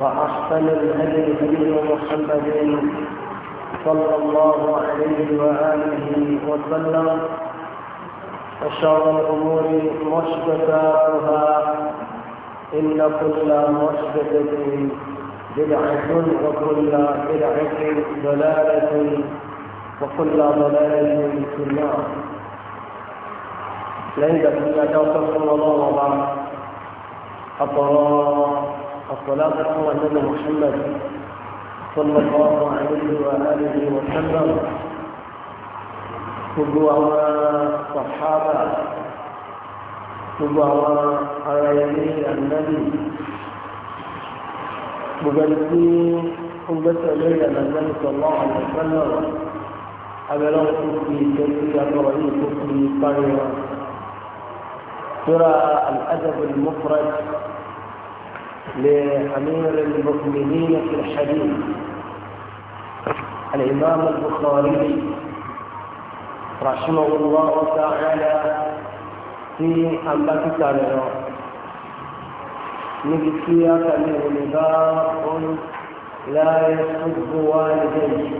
وأحسن الهدي هدي محمد صلى الله عليه وآله وسلم وشر الأمور محدثاتها إن كل محدثة بدعة وكل بدعة ضلالة وكل ضلالة في النار لن تكون صلى الله عليه وسلم الصلاة على النبي محمد صلى الله عليه وآله وسلم كل أولا الصحابة على يديه النبي مجلسي قمت إليه النبي صلى الله عليه وسلم أبلغ في جلسي أبرئي في طريقة ترى الأدب المفرد لأمير المؤمنين في الحديث الإمام البخاري رحمه الله تعالى في أنبات تعالى نبكية لغلباء لا يحب والديه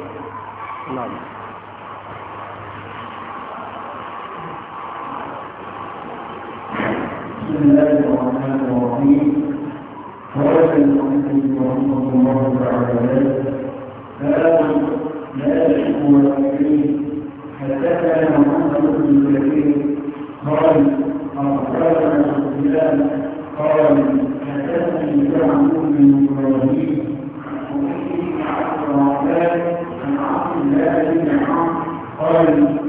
نعم بسم الله الرحمن الرحيم قال المؤمن رحمه الله تعالى باب لا يشك ويقين حدثنا محمد بن كثير قال اخبرنا سفيان قال حدثني يعقوب بن ابراهيم وفيه عبد الرحمن عن عبد الله بن عمرو قال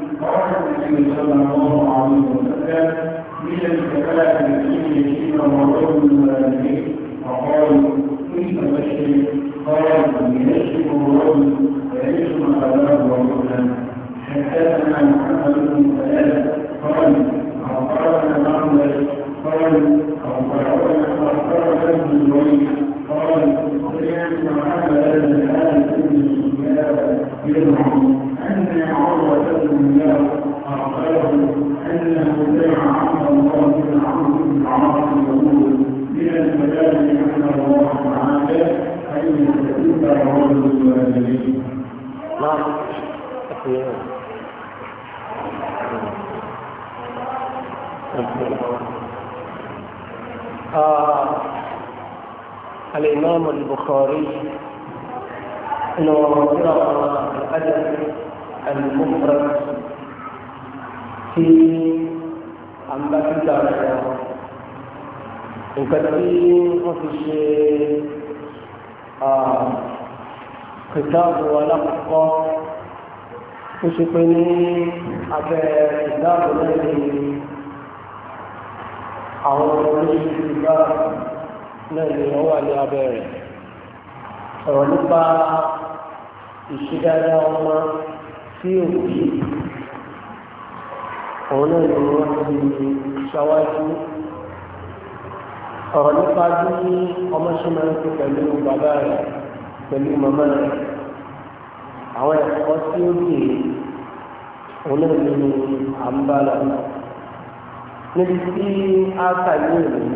yìí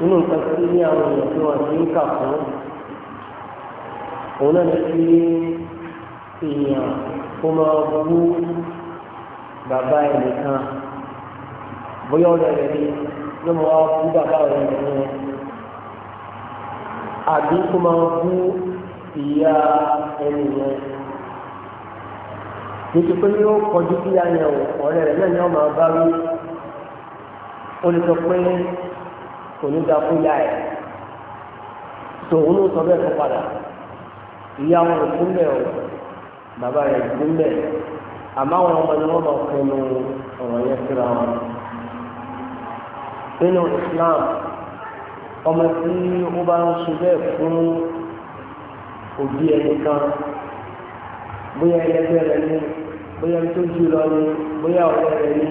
nínú nǹkan tí ní àwọn èèyàn tí wọ́n ti ń kà fún òun náà ní kí èèyàn kó máa bú bàbá ẹnìkan bóyá ọ̀rẹ́ rẹ̀ ni ló máa wá bú bàbá ọ̀rẹ́ rẹ̀ yẹn àbí kó máa bú ìyá ẹni yẹn nítorí pé yóò kọjú sí ayẹ̀wò ọ̀rẹ́ rẹ̀ náà ni wọ́n máa bá wí ó lè sọ pé ló sọ bẹ́ẹ̀ tó padà ìyá wọn ò fún bẹ́ẹ̀ o bàbá rẹ̀ ò fún bẹ́ẹ̀ àwọn ọmọ ni wọ́n lọ pinnu ọ̀rọ̀ yẹn síra wọn nínú Islam ọmọ tí ó bá ń ṣe bẹ́ẹ̀ fún òbí ẹnìkan bóyá ẹlẹgbẹ́ rẹ̀ ni bóyá tó jù lọ ni bóyá ọ̀rẹ́ rẹ̀ ni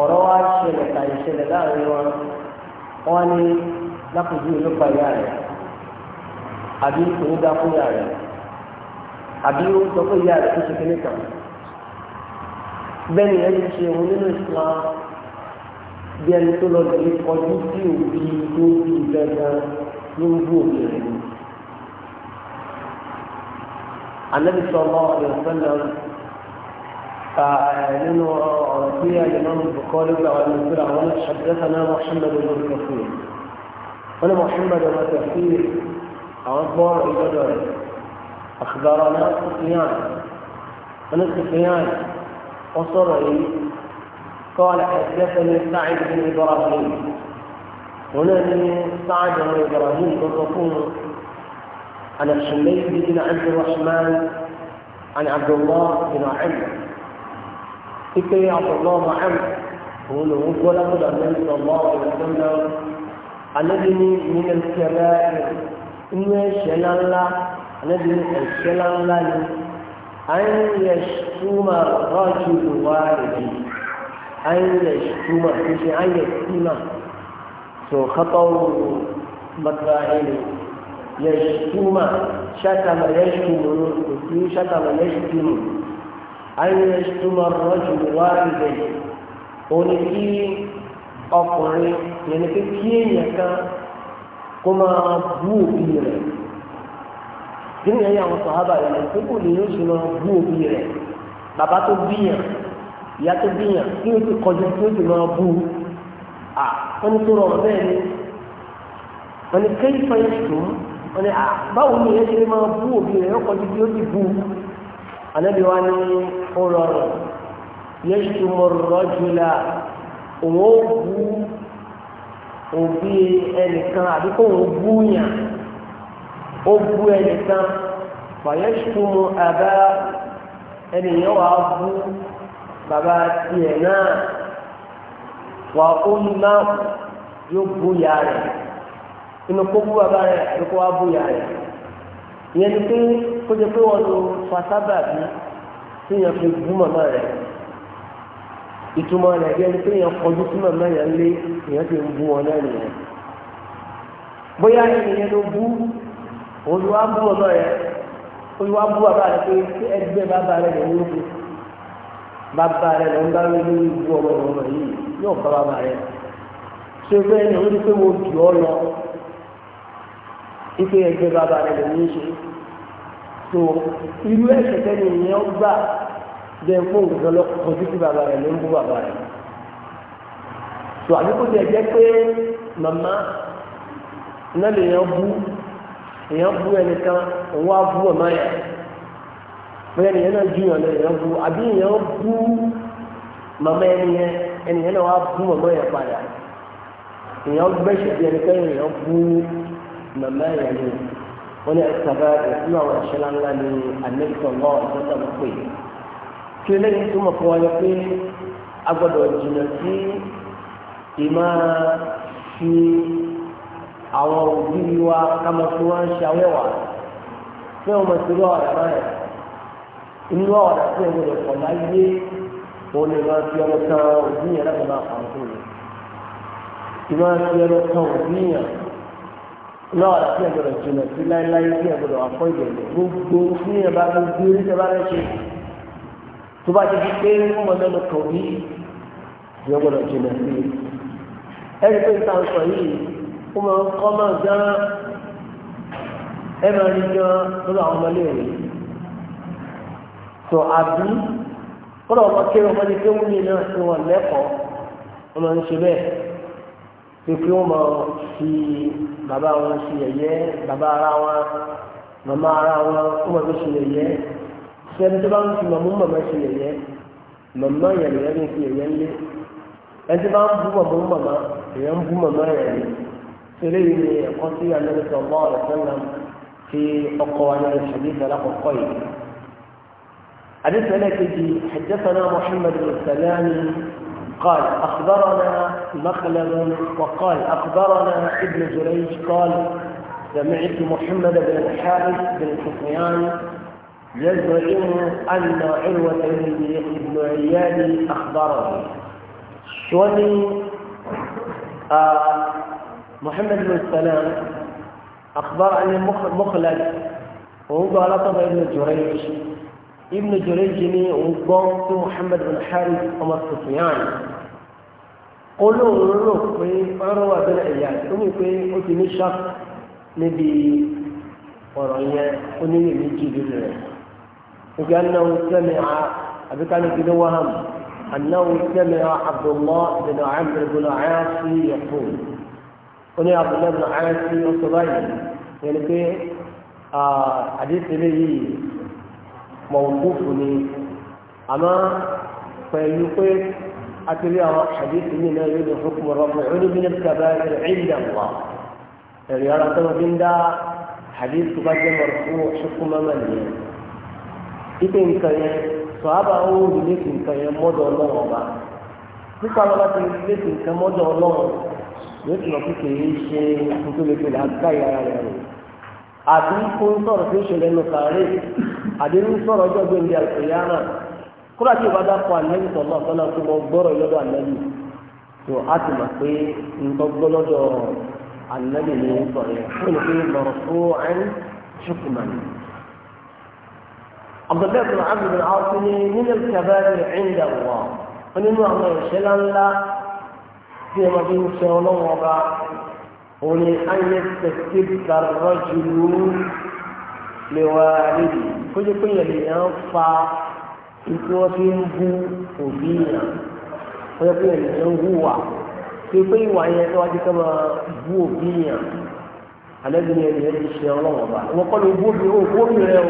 ọ̀rọ̀ wa ṣẹlẹ̀ tàbí ṣẹlẹ̀ láàrin wọn wọn ní lápòjú olópa ìyá rẹ̀ àbí òun dá fún ìyá rẹ̀ àbí ó sọ pé ìyá rẹ̀ tó ṣe kékeré kan bẹ́ẹ̀ ni ẹni ṣe òun nínú ìsìlá bí ẹni tó lọ lè kọjú sí òbí tó bí ìfẹ́ gan ń bú òbí rẹ̀ ni. àlẹ́ bí sọ ọmọ ọ̀rẹ́ òfin náà فإنه فيها الإمام البخاري وعلى المنزل عوانا حدثنا محمد بن كثير أنا محمد بن كثير عبر البدر أخبرنا سفيان أنا سفيان وصرعي قال حدثني سعد بن إبراهيم هنا سعد بن إبراهيم بالرسول عن الحميد بن عبد الرحمن عن عبد الله بن عمرو pípé àtọ̀gbọ́n Muhammad òun lòun gbọ́ látọ̀dọ̀ Ànábì sọ̀gbọ́n ìrẹsẹ̀ náà Ànábì ní ìmílẹ̀ ìṣẹ̀lẹ̀ inú ẹ̀ṣẹ̀ ńláńlá Ànábì ní ẹ̀ṣẹ̀ ńláńlá ni àyìn yẹ ṣúmà rọ́ọ̀jù ìwà rèé àyìn yẹ ṣúmà kò ṣe àyìn yẹ ṣúmà tó kápá òun mọ́tàlá ẹni yẹ ṣúmà ṣàtàmà yẹ ṣúmù kò sí ṣàtàmà yẹ ṣúmù. ayé túmọ̀ rọ́jù wá ibẹ̀ òní kí ọkùnrin yẹnni pé kí èèyàn kan kó máa bú òbí rẹ̀ kí ni ẹ̀yà àwọn sọ̀hábà yẹn pé kò lè yóò ṣe máa bú òbí rẹ̀ bàbá tó bíyàn ìyá tó bíyàn kí o ti kọjú kí o ti máa bú à wọ́n tó rọrùn bẹ́ẹ̀ ni wọ́n kéyìí fẹ́ẹ́ sùn wọ́n à báwo ni ìyẹn ṣe máa bú òbí rẹ̀ ó kọjú kí o ti bú ànábì wa ní ó rọrùn yéṣu mo rọ́jú la òun ó bú òbí ẹnìkan àbí kó òun bú yàn ó bú ẹnìkan fàyẹ́ṣu mo àbá ẹnìyàn wà á bú bàbá tiẹ̀ náà wà ó ń má yóò bú yàrá inú kó bú bàbá rẹ̀ àbí kó wá bú yàrá ìyẹn ni pé kó jẹ pé wọn lo fasábà bí tí yẹn fi gún màmá rẹ ìtumọ̀ rẹ̀ yẹn ni pé yẹn kọjú sí màmá yẹn lé ìyẹn ti ń bú wọn náà nìyẹn bóyá ìyẹn ló bú olùwà bú ọmọ rẹ olùwà bú bàbá rẹ pé ẹgbẹ́ bàbá rẹ lè ń lókè bàbá rẹ lè ń bá lórí lórí bú ọmọ rẹ yìí yóò bá bàbá rẹ ṣé bẹ́ẹ̀ ni ó ní pé mo jù ọ lọ ipe ẹgbẹ́ bàbá rẹ̀ lè ní í ṣe so irú ẹ̀ṣẹ̀ tẹ́lẹ̀ ìyẹn ó gbà bẹ́ẹ̀ fún òǹgbẹ́ lọ́kọ̀ sí ti bàbá rẹ̀ ló ń bú bàbá rẹ̀ so àdúgbò tẹ̀ jẹ́ pé màmá náà lè yàn bú èèyàn bú ẹnìkan òun á bú ọ̀mọ́ yẹn bóyá ènìyàn náà ju ìyàn lọ èèyàn bú àbí èèyàn bú màmá ẹni yẹn ènìyàn náà wá bú màmá yẹn padà èèyàn gbẹ̀ṣẹ̀ bí ẹnìkan èèyàn bú màmá yẹn ni wọ́n ní ẹ̀sàbá ìfún àwọn ìṣẹ̀lá ńlá ní amẹ́ríkà ńlá ọ̀dọ́ta ló pè é kí lẹ́yìn tó mọ̀ fún wa ni pé a gbọ́dọ̀ jìnnà sí ìmọ̀ fi àwọn òbí wa ká máa fi wá ń ṣàwẹ́wà pé ti rí ọ̀rẹ́ náà inú ọ̀rẹ́ tí wọ́n lè kọ̀ láyé òun lè máa fi ọmọ kan òbí yẹn láti máa fà á fún mi ìmọ̀ fi ọmọ kan òbí yẹn náà àti ẹgbẹ̀rẹ̀ jùlọ sí láíláí sí ẹgbẹ̀rẹ̀ àpọ̀ ìgbẹ̀rẹ̀ gbogbo sí ẹ̀bá gbogbo orí ẹ̀bá rẹ̀ ṣe tó bá ti di pé wọ́n mọ̀ lẹ́nu kàn bí ìyẹn gbọ́dọ̀ jùlọ sí i. ẹni pé ta sọ yìí ó máa ń kọ́ máa gán ẹ máa rí gán lọ́dọ̀ àwọn ọmọ léèrè. tó àbí kọ́dọ̀ ọmọ kéré ọmọ ní kéwú ní náà tí wọ́n lẹ́kọ̀ọ́ wọ́n máa bàbá wọn ṣe yẹ̀yẹ́ bàbá ara wọn màmá ara wọn ó wọn fi ṣe yẹ̀yẹ́ sẹ́ni tó bá ń fi màmú màmá ṣe yẹ̀yẹ́ màmá yẹn lè ní fi yẹ̀yẹ́ lé ẹni tó bá ń bú màmú màmá èèyàn ń bú màmá yẹn lé sẹ́lẹ̀ yìí ni ẹ̀kọ́ sí anẹ́lẹ́sọ̀ ọmọ ọ̀rẹ́ sẹ́lẹ̀ fi ọkọ̀ anẹ́lẹ́sọ̀ ní ìfẹ́ lákọ̀ọ́kọ́ yìí. حديث ملكتي حدثنا محمد بن سلام قال أخبرنا مخلد وقال أخبرنا ابن جريج قال سمعت محمد بن الحارث بن سفيان يزعم أن عروة بن عياد أخبره شوني آه، محمد بن السلام أخبر عن مخلد وهو على طبع ابن جريج ibnu jòlèjì ní òun gbọ́ sí muhammed bin harris ọmọ sofiyan olóòrùn rò pé ọ̀rọ̀ wà bẹ̀rẹ̀ ẹ̀yà tó mú pé ó ti ní ṣọ́ọ̀kì níbi ọ̀rọ̀ yẹn ó ní èmi jù lórí rẹ̀ nígbà náà sẹ́mi à àbíkálẹ̀ kí ló wá hàn أنه سمع عبد الله بن عمرو بن عاصي يقول ó ní abdullahi bin ayasi ọsọ báyìí yẹn pé àdéhùn eléyìí mọ̀wùkúfù ni àmọ́ pẹ̀lú pé a ti rí àwọn àdéhùn yìí náà yóò lè fún ọmọ ìrìn bí nípa bá ẹ̀rẹ̀ ìdá wà ẹ̀rẹ̀ ara tó fi ń dá àdéhùn bá jẹ́ mọ̀rọ̀ fún ṣùkú mọ́mọ́ nìyẹn. ipe nǹkan yẹn sọ àbá ó rí létí nǹkan yẹn mọ́dọ̀ ọlọ́run ọba nípa wọn bá ti rí létí nǹkan mọ́dọ̀ ọlọ́run yóò tún lọ kékeré ṣe nítorí pé àbí kó ń sọ̀rọ̀ tí ó ṣẹlẹ̀ nù kàárè àbí sọ̀rọ̀ ọjọ́ gbẹ̀ndẹ̀ kúrò àti ìbádá kọ tó mọ gbọ́rọ̀ lọ́dọ̀ tó a ti mọ̀ pé lọ́dọ̀ sọ̀rọ̀ lọ́rọ̀ abdullahi abdul ni òun ni a yẹ tẹ̀sí gbàrọ̀ jùlọ lẹ́wà rèé kójú pé yẹn lè yàn fa ikú wọn fi ń bú òbí yàn kójú pé yẹn lè yàn hùwà kí pé ìwà yẹn tó wájú ká máa bú òbí yàn alẹ́bí ni ẹni ẹni ṣe ọlọ́wọ́n bá wọ́n kọ́ ló bú omi ó bú omi rẹ o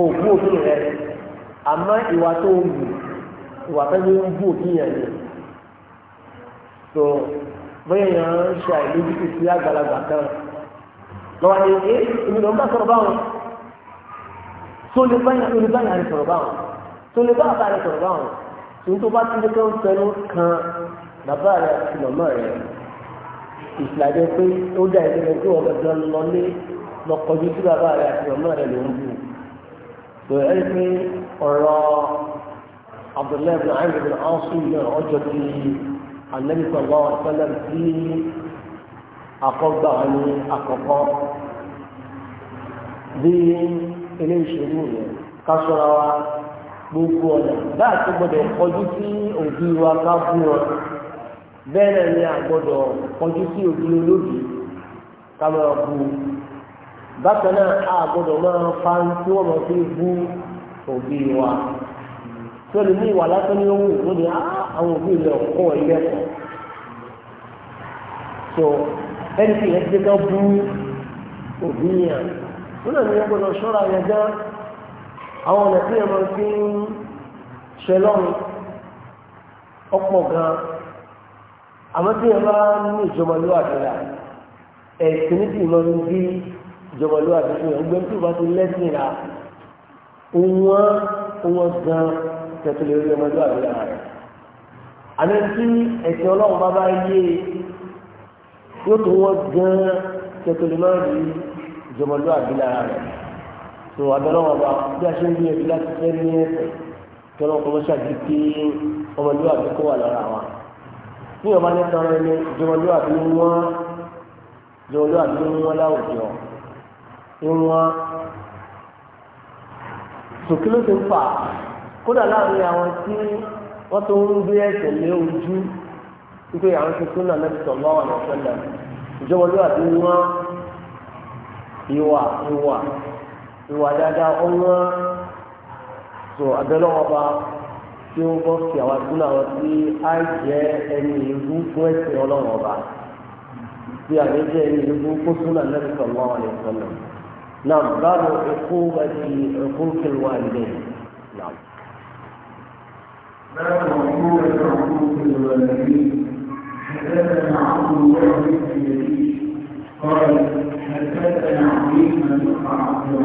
ò bú omi rẹ àmọ́ ìwà tó ń bù bóyá èèyàn ń ṣe àìlójútì sí àgbàlagbà kan lọ́wọ́ ni ẹ èmi ló ń bá sọ̀rọ̀ báwọn tó lè báyà tó lè báyà rẹ sọ̀rọ̀ báwọn tó lè bá àbá sọ̀rọ̀ báwọn tó ń tó bá ti lè kẹ́ ń fẹnu kan bàbá rẹ àti màmá rẹ ìsìlájẹ pé ó dá ẹgbẹ́ rẹ pé wọ́n bẹ jọ lọ lé lọ kọjú sí bàbá rẹ àti màmá rẹ ló ń bù tó ẹ rí pé ọ̀rọ̀ Abdullahi bin Amr bin Asu náà ọjọ́ ti anabi sallallahu alaihi wasallam tí akọgbà ní àkọ́kọ́ bí ilé ìṣèlú yẹn kásọra wa gbogbo ọ̀nà bá a ti gbọdọ̀ kọjú sí òbí wa ká bú wọn bẹ́ẹ̀ ni a gbọdọ̀ kọjú sí òbí olóbì ká máa bú bákan náà a gbọdọ̀ máa fa tí wọ́n máa fi bú òbí wa tí olùmí ìwà lásán ni ó wù lónìí áá àwọn òbí rẹ̀ kọ́ ilé ẹ̀kọ́ so ẹni tí yẹn ti ká bú òbí yẹn wọn náà ní wọn gbọ́dọ̀ ṣọ́ra yẹn gán àwọn ọ̀nà tí yẹn máa fi ń ṣe lọ́run ọ̀pọ̀ gan àmọ́ tí yẹn bá ní ìjọba ló àdúrà ẹ̀sìn ní tìmọ̀ ń bí ìjọba ló àdúrà fún yẹn gbẹ́ntì ti lẹ́sìn rà òun wọn gan tẹ̀tẹ̀lẹ̀ orí ọmọdé àdúrà rẹ̀ àmì tí ẹ̀sìn ọlọ́run bá bá yé e, yóò tó wọ́n gan-an tètè lè máa rí ìjọmọlú àbílà rẹ̀ tó abẹ́lọ́wọ́ bá bí a ṣe ń gbìyànjú láti fẹ́ ní ẹ̀sẹ̀ kí ọlọ́run kọ́ ṣàgbé pé ọmọlú àbí kó wà lára wa ní ọba ní sọ ọ̀rọ̀ ẹni ìjọmọlú àbí wọn ìjọmọlú àbí wọn láwùjọ ìwọn sòkè ló ti ń fà kódà láàrin àwọn tí wọ́n tó ń gbé ẹsẹ̀ lé ojú wípé àwọn ti tún nàmẹ́tì sọ̀lọ́ àwọn ọ̀sẹ̀lẹ̀ ìjọba olúwa ti wọ́n ìwà ìwà ìwà dáadáa ó wọ́n sọ abẹ́lọ́wọ́ba tí ó bọ́ sí àwọn àtúnà àwọn tí á jẹ́ ẹni ìlú fún ẹsẹ̀ ọlọ́wọ́ba tí a ẹni ìlú kó tún nàmẹ́tì sọ̀lọ́ àwọn ọ̀sẹ̀lẹ̀ náà báwo ẹ̀kú bá ti ẹ̀kú náà. باب عقوبة عقوق الوالدين حدثنا عبد الله قال حدثنا عقيل بن عبد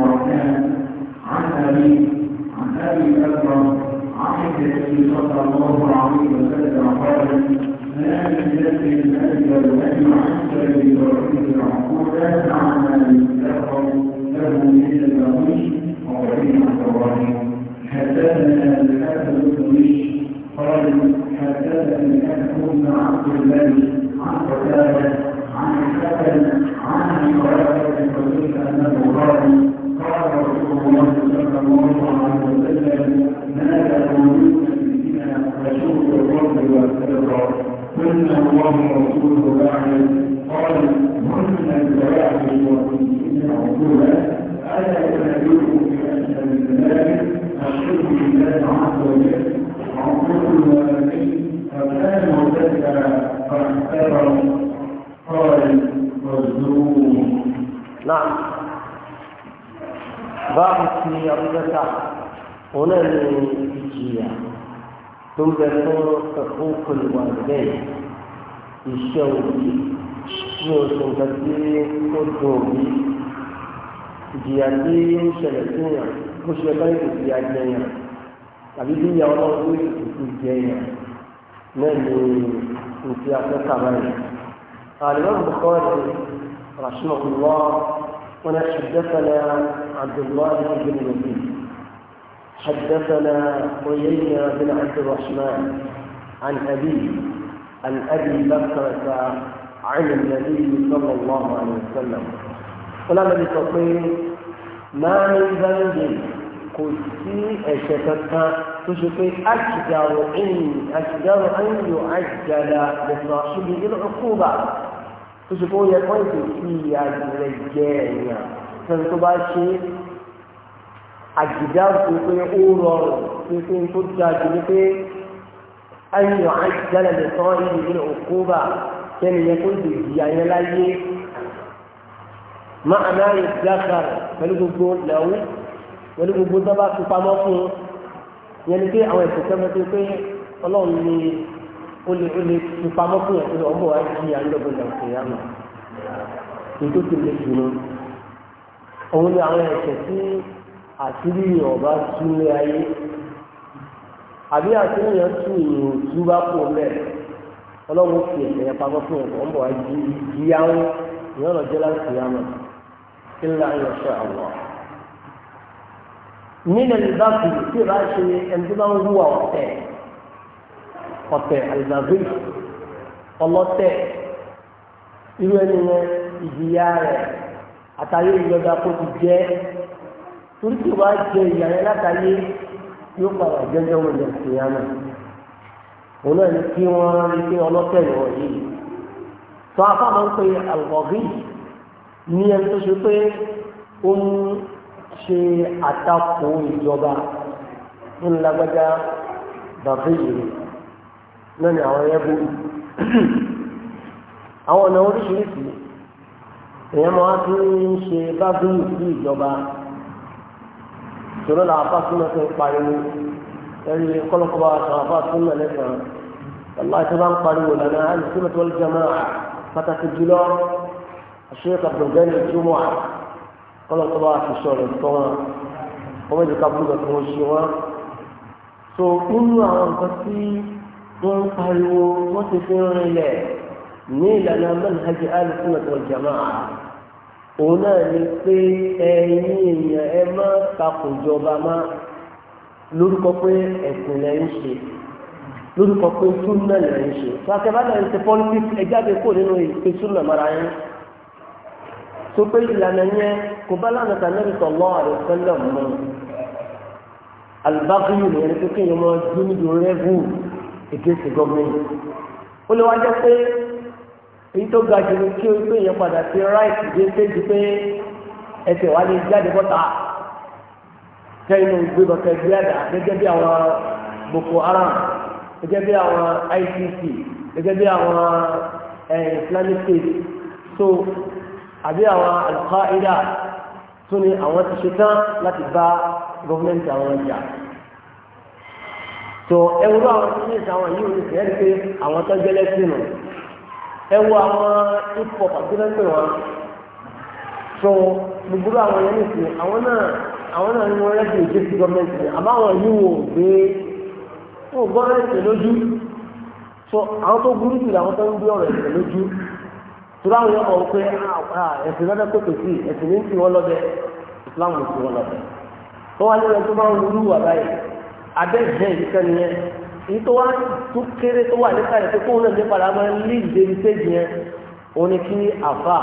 حدثنا عبد الله بن يزيد حدثنا عيينة بن عبد الرحمن عن أبيه عن أبي بكرة عن النبي صلى الله عليه وسلم قال النبي صلى الله عليه وسلم ما من ذنب قلتي أشتت تشقي أشجر إن اكثر أن يعجل لصاحبه العقوبة يا يقول في الجنة sẹ́ni tó bá ṣe àjìdáàbò pé ó rọrùn pé tó dáa jù ní pé ayọ̀ àjálẹ̀ lè tán ìlú ní òkúba sẹ́ni yẹn kó lè di ayé láyé máa náà yẹ dákàrà pẹ̀lú gbogbo lẹ́wọ́ pẹ̀lú gbogbo tó bá fi pamọ́ fún un yẹn ni pé àwọn ẹ̀sìn sẹ́mi tó pé ọlọ́run ní olè olè fi pamọ́ fún yẹn pé ọmọ wa di ayé lọ́gbọ̀n lọ́gbọ̀n yàrá nítorí lè dùn òun ni àwọn ẹ̀ṣẹ̀ tí àṣírí ọ̀bá túnlé ayé àbí àṣírí yẹn tú ìrò tú bá kó mẹ́ ọlọ́run fi ẹ̀ṣẹ̀ yẹn pamọ́ fún ọ̀pọ̀ ń bọ̀ wá jí jí àwọn ìyẹn ọ̀nà jẹ́ láti ṣe àmọ́ kí ńlá yẹn ṣe àwọ̀ nínú ìbáfi tí ìbá ṣe ẹni tó bá ń wúwa ọ̀tẹ̀ ọ̀tẹ̀ àlùbáfíì ọlọ́tẹ̀ irú ẹni yẹn ìjìyà rẹ̀ àtàyè ìjọba kó ti jẹ́ torí tí wàá jẹ ìyá yẹn látàyè yóò padà jẹjọ wọn lè fi hàn mí òun náà ní kí wọ́n rí pé ọlọ́tẹ̀ ni wọ́n yìí tó afá máa ń pe àlùbọ̀gì ní ẹni tó ṣe pé ó ń ṣe àtakò ìjọba ń lágbájá bàbá ìlú náà ni àwọn ẹ̀yẹ́ bó àwọn ọ̀nà oríṣiríṣi èèyàn máa fi ń ṣe bágúrú sí ìjọba ìṣòro làwọn afásúnmọ̀ ti ń pariwo ẹ̀rí kọ́lọ́kọ́ba àwọn afásúnmọ̀ lẹ́sàn-án ọlá ìṣe bá ń pariwo lànà àìsímọ̀ tó lọ́jà máa pàtàkì jùlọ àṣírí kàbùgẹ́ni ìjùmọ̀ kọ́lọ́kọ́ba ti sọ̀rọ̀ tọ́ wọn wọ́n mẹ́jọ ká búrúkọ tí wọ́n ṣe wọ́n so nínú àwọn nǹkan tí wọ́n ń pariwo wọ́n ti fi ń rinlẹ̀ ní ìlànà manhaj al-sunnah wal jama'a òun náà ni pé ẹ̀yin èèyàn ẹ má takò jọba má lórúkọ pé ẹ̀sìn lẹ ṣe lórúkọ pé súnà lẹ ṣe sàkẹ́bá ń ṣe politics ẹ jáde kó nínú ìpè súnà mara yẹn tó pé ìlànà yẹn kò bá lánà tà Nabi sallallahu alaihi wasallam mọ́ alibákúyù nìyẹn tó kéèyàn mọ́ dúnídùú rẹ́gù ìgbésẹ̀ gọ́ọ̀mẹ́ntì ó lè wá jẹ́ pé èyí tó ga jù ní kí orí pé èèyàn padà sí right dé séjì pé ẹsẹ̀ wa lè jáde bọ́ta kẹ́yìn ló ń gbé bọ́tẹ́ gbé àdá gẹ́gẹ́ bí àwọn Boko Haram gẹ́gẹ́ bí àwọn ICC gẹ́gẹ́ bí àwọn eh, Islamic State so àbí àwọn Al-Qaeda tó ni àwọn ti ṣe tán láti bá gọ́fúnmẹ́ntì àwọn ọjà so ẹwúrọ̀ àwọn tí ní ìsàwọn yìí ò ní sẹ́yìn pé àwọn tó jẹ́lẹ́sìn nù. ewu wo àwọn ipò pàtẹ́lẹ́pẹ̀ wọn so gbogbo àwọn yẹn nìkan àwọn náà àwọn náà ni wọ́n rẹ́sì ìjẹ́ sí gọ́ọ̀mẹ́ntì ni àbáwọn yìí wò gbé lójú so àwọn tó burú jù làwọn tó ń gbé ọ̀rọ̀ ẹ̀sẹ̀ lójú tó ya yọ ọ̀hún pé ah, ah, ẹ̀sìn lọ́dẹ pèpè sí ní ti lọ́dẹ Islam ti lọ́dẹ wá nílẹ̀ tó máa ń wà báyìí ìjẹ́ ìdíkẹ́ nìyẹn èyí tó wá tó kéré tó wà nípa rẹ̀ pé kóun náà nípa rẹ̀ máa ń lé ìdébi séjì yẹn òun ni kí àfa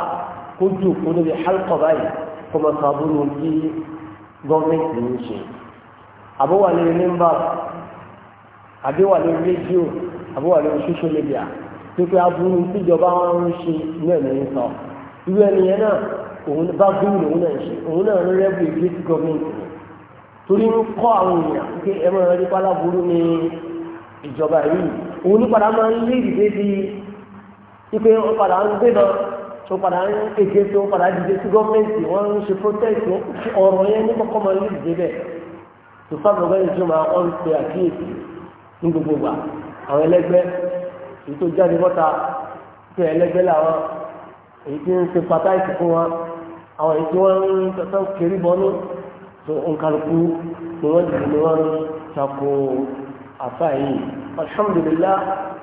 kó ju òkú níbi alkọ báyìí kó máa sọ abúlé ohun tí gọ́ọ̀mẹ̀ntì ń ṣe àbúwà lórí nímbà àbíwà lórí rédíò àbúwà social media tó pé aburú tíjọba wọn ń ṣe náà ní sọ irú ẹnìyẹn náà òun bá gbóhùn òun náà ṣe òun náà ń rẹ́bù ìgbésí gọ́ọ̀mẹ̀ntì torí ń kọ́ àwọn èèyàn pé ẹ ìjọba yìí òun ní padà máa ń lé ìdílé di ipe wọn padà ń gbé lọ tó padà ń kéde tó padà dìde sí gọ́ọ̀mẹ̀ntì wọn ń ṣe protest ọ̀rọ̀ yẹn ní kọ́kọ́ máa ń lé ìdílé bẹ́ẹ̀ tó fáwọn ọgbẹ́ ìjọba wọn ń pe àkíyèsí ní gbogbo gbà àwọn ẹlẹgbẹ́ èyí tó jáde bọ́ta pé ẹlẹgbẹ́ làwọn èyí tí ń ṣe pàtàkì fún wọn àwọn èyí tí wọ́n ń tọ́tọ́ kiri bọ́nú tó ni wọ́n dìde ni wọ́n ń ṣàkóso àfa yìí alhamdulillah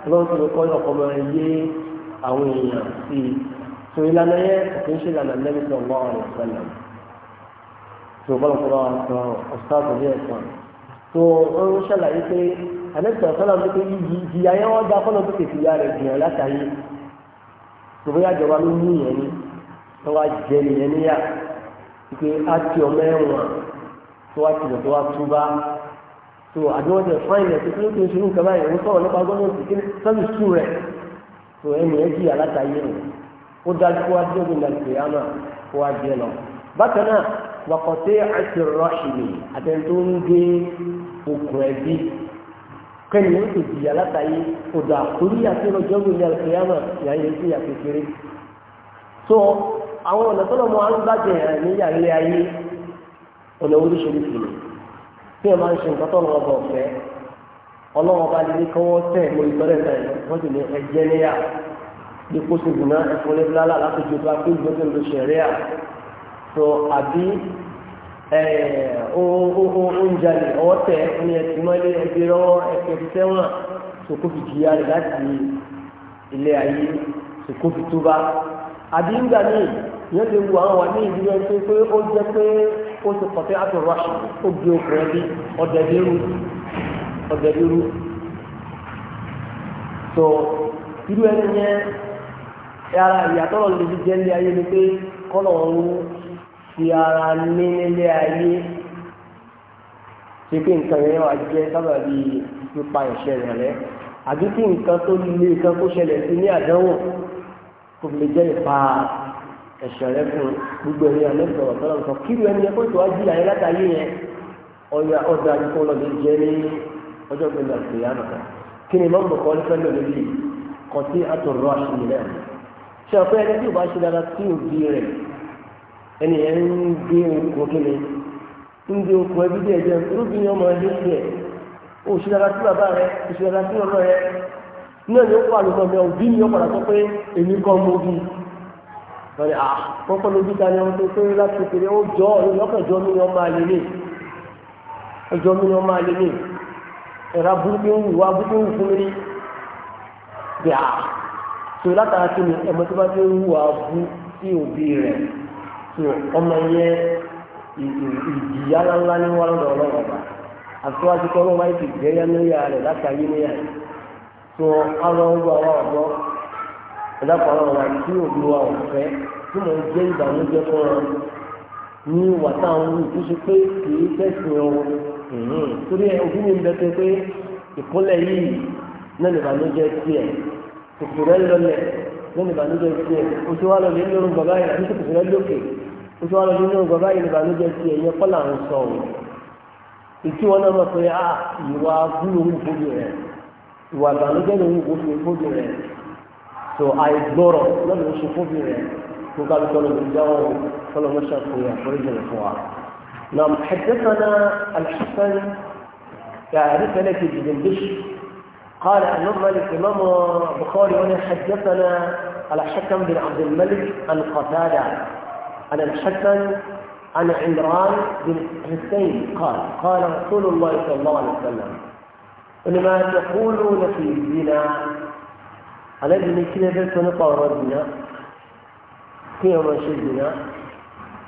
lọ́n ti kọ́ ọkọ̀mọ yé àwọn èèyàn sí i tó ìlànà yẹn kì í ṣe ìlànà lẹ́yìn tó ń bá ọ̀rọ̀ sẹ́lẹ̀ tó bọ́lá kọ́ bá sọ ọ̀sáàtò ní ẹ̀sán tó ń ṣàlàyé pé àdẹ́sọ̀ sọ́nà tó pé yìí ìyá yẹn wọ́n dá fọ́nà tó tètè ya rẹ̀ gbìyàn látàyè tó bóyá ìjọba ló ní tó àdúrà tẹ fún ẹ̀yìn ẹ̀sìn tó ń ṣe nǹkan báyìí òun sọ̀rọ̀ nípa gbọ́dọ̀ sí kí sọ́ọ̀lù sùn rẹ̀ tó ẹni ẹ̀ jì alátayé rẹ̀ ó dájú kó wá dé omi náà pè ámà kó wá dé lọ. bákan náà wàkọ̀tẹ́ àti rọ́ọ̀ṣìlì àtẹni tó ń gbé okùn ẹbí kẹ́ni ó ti jì alátayé òdò àkórí àti ọjọ́ omi náà pè ámà yà yẹ kí àkékeré. tó àwọn ọ̀nà tó lọ́mọ tí ẹ máa ń ṣe nǹkan tó lọ́wọ́ bọ̀ fẹ́ ọlọ́wọ́ bá lè ní kọ́wọ́ tẹ̀ mo ìtọ́lẹ̀ tẹ̀ wọ́n sì ní ẹjẹ́ níyà dípò sí ìdùnnà ẹ̀fọn lé bílálà láti ju bá pé ìgbésẹ̀ ló ṣe rí à tó àbí oúnjẹ ọwọ́ tẹ̀ ní ẹtì mọ́lé ẹgbẹ́ lọ́wọ́ ẹ̀kẹ́ sẹ́wọ̀n sòkó fi jìyà rẹ̀ láti ilé ayé sòkó fi túbà àbí ńgbà míì yóò lè wu àwọn wà ní ìdílé pé ó jẹ́ pé ó ti kọ̀tẹ́ àtọ̀rọ̀ ó gbé okùn ẹbí ọ̀dẹ̀dẹ̀rú ọ̀dẹ̀dẹ̀rú tó irú ẹni yẹn ara ìyàtọ̀ lọ́dún ti jẹ́ ilé ayé ni pé kọ́nà ọ̀hún ti ara ní nílé ayé ṣe pé nǹkan yẹn wà jẹ́ sábàbí pípa ìṣẹ̀lẹ̀ rẹ̀ àbí kí nǹkan tó lè kan kó ṣẹlẹ̀ sí ní àdánwò kò lè jẹ́ ìpa ẹ̀sẹ̀ rẹ fún gbogbo ẹ̀rí alẹ́sọ̀ ọ̀tọ́lá nǹkan kíru ẹni ẹ̀kọ́ ìtọ́ ají ayé látàyé yẹn ọ̀yà ọ̀dà àdìpọ̀ ọlọ́dẹ jẹ́ ní ọjọ́ gbẹ̀dà ìgbéyà nàkà kí ni mọ́mọ́ kọ́ ní fẹ́lẹ́ lórí kan tí a tọ̀ rọ́ àṣìyí rẹ̀ ṣe ọ̀pẹ́ ẹni tí ò bá ṣe dára tí ò bí rẹ̀ ẹni ẹ̀ ń gbé okun kí ni ń gbé okun ẹbí wọ́n ní ah kọ́kọ́ lójú ta ni wọ́n ti pé láti kékeré ó jọ ọ̀run lọ́kànjọ́ mi ni wọ́n máa lè ní ọjọ́ mi ni wọ́n máa lè ní ẹ̀rá burúkú ń wù wá burúkú ń wù fún mi ní bí ah tó látara kí ni ẹ̀mọ́ tó bá fi ń wù wá bú sí òbí rẹ̀ tó ọmọ yẹn ìjìyà ńláńlá ní wọn lọ́dọ̀ ọlọ́run ọba àti wájú kọ́ ló wáyé ti gbẹ́yà níyà rẹ̀ látàrí níyà rẹ̀ tó ìdáfọ̀ ọlọ́run wa tí òbí wa ò fẹ́ tí mò ń jẹ́ ìbànújẹ́ fún ọ ní ìwà táwọn ohun tó ṣe pé kì tẹ̀sìn ọ torí ẹ òbí mi ń bẹ pé pé ìkúnlẹ̀ yìí náà lè bànújẹ́ tiẹ̀ kòkò rẹ lọlẹ̀ náà lè bànújẹ́ tiẹ̀ oṣù wa lọlẹ̀ ní orun bàbá yìí àti kòkò rẹ lókè oṣù wa lọlẹ̀ ní orun bàbá yìí lè bànújẹ́ tiẹ̀ yẹ kọ́ là ń sọ ọ ìtí wọn náà mọ̀ pé ah, ìwà búlò ń gbóbi rẹ̀ ìwà ìbànújẹ́ ló ń gbóbi rẹ̀ so i ignore no no tó àìgbọ́rọ̀ lọ́nà oṣù fóbi rẹ̀ tó bá lọ́nà ìjáwọ́ fọlọ́mọṣà fún yà fún ìjìnlẹ̀ fún wa. نعم حدثنا الحسن يعرف لك الجنبش قال أن مالك إمام بخاري هنا حدثنا الحكم بن عبد الملك عن قتادة عن الحسن عن عمران بن حسين قال قال رسول الله صلى الله عليه وسلم لما تقولون في الزنا àlẹ́bí ni kí lè fẹ́ sọ nípa ọ̀rọ̀ dìnnà kí ọmọ ṣe dìnnà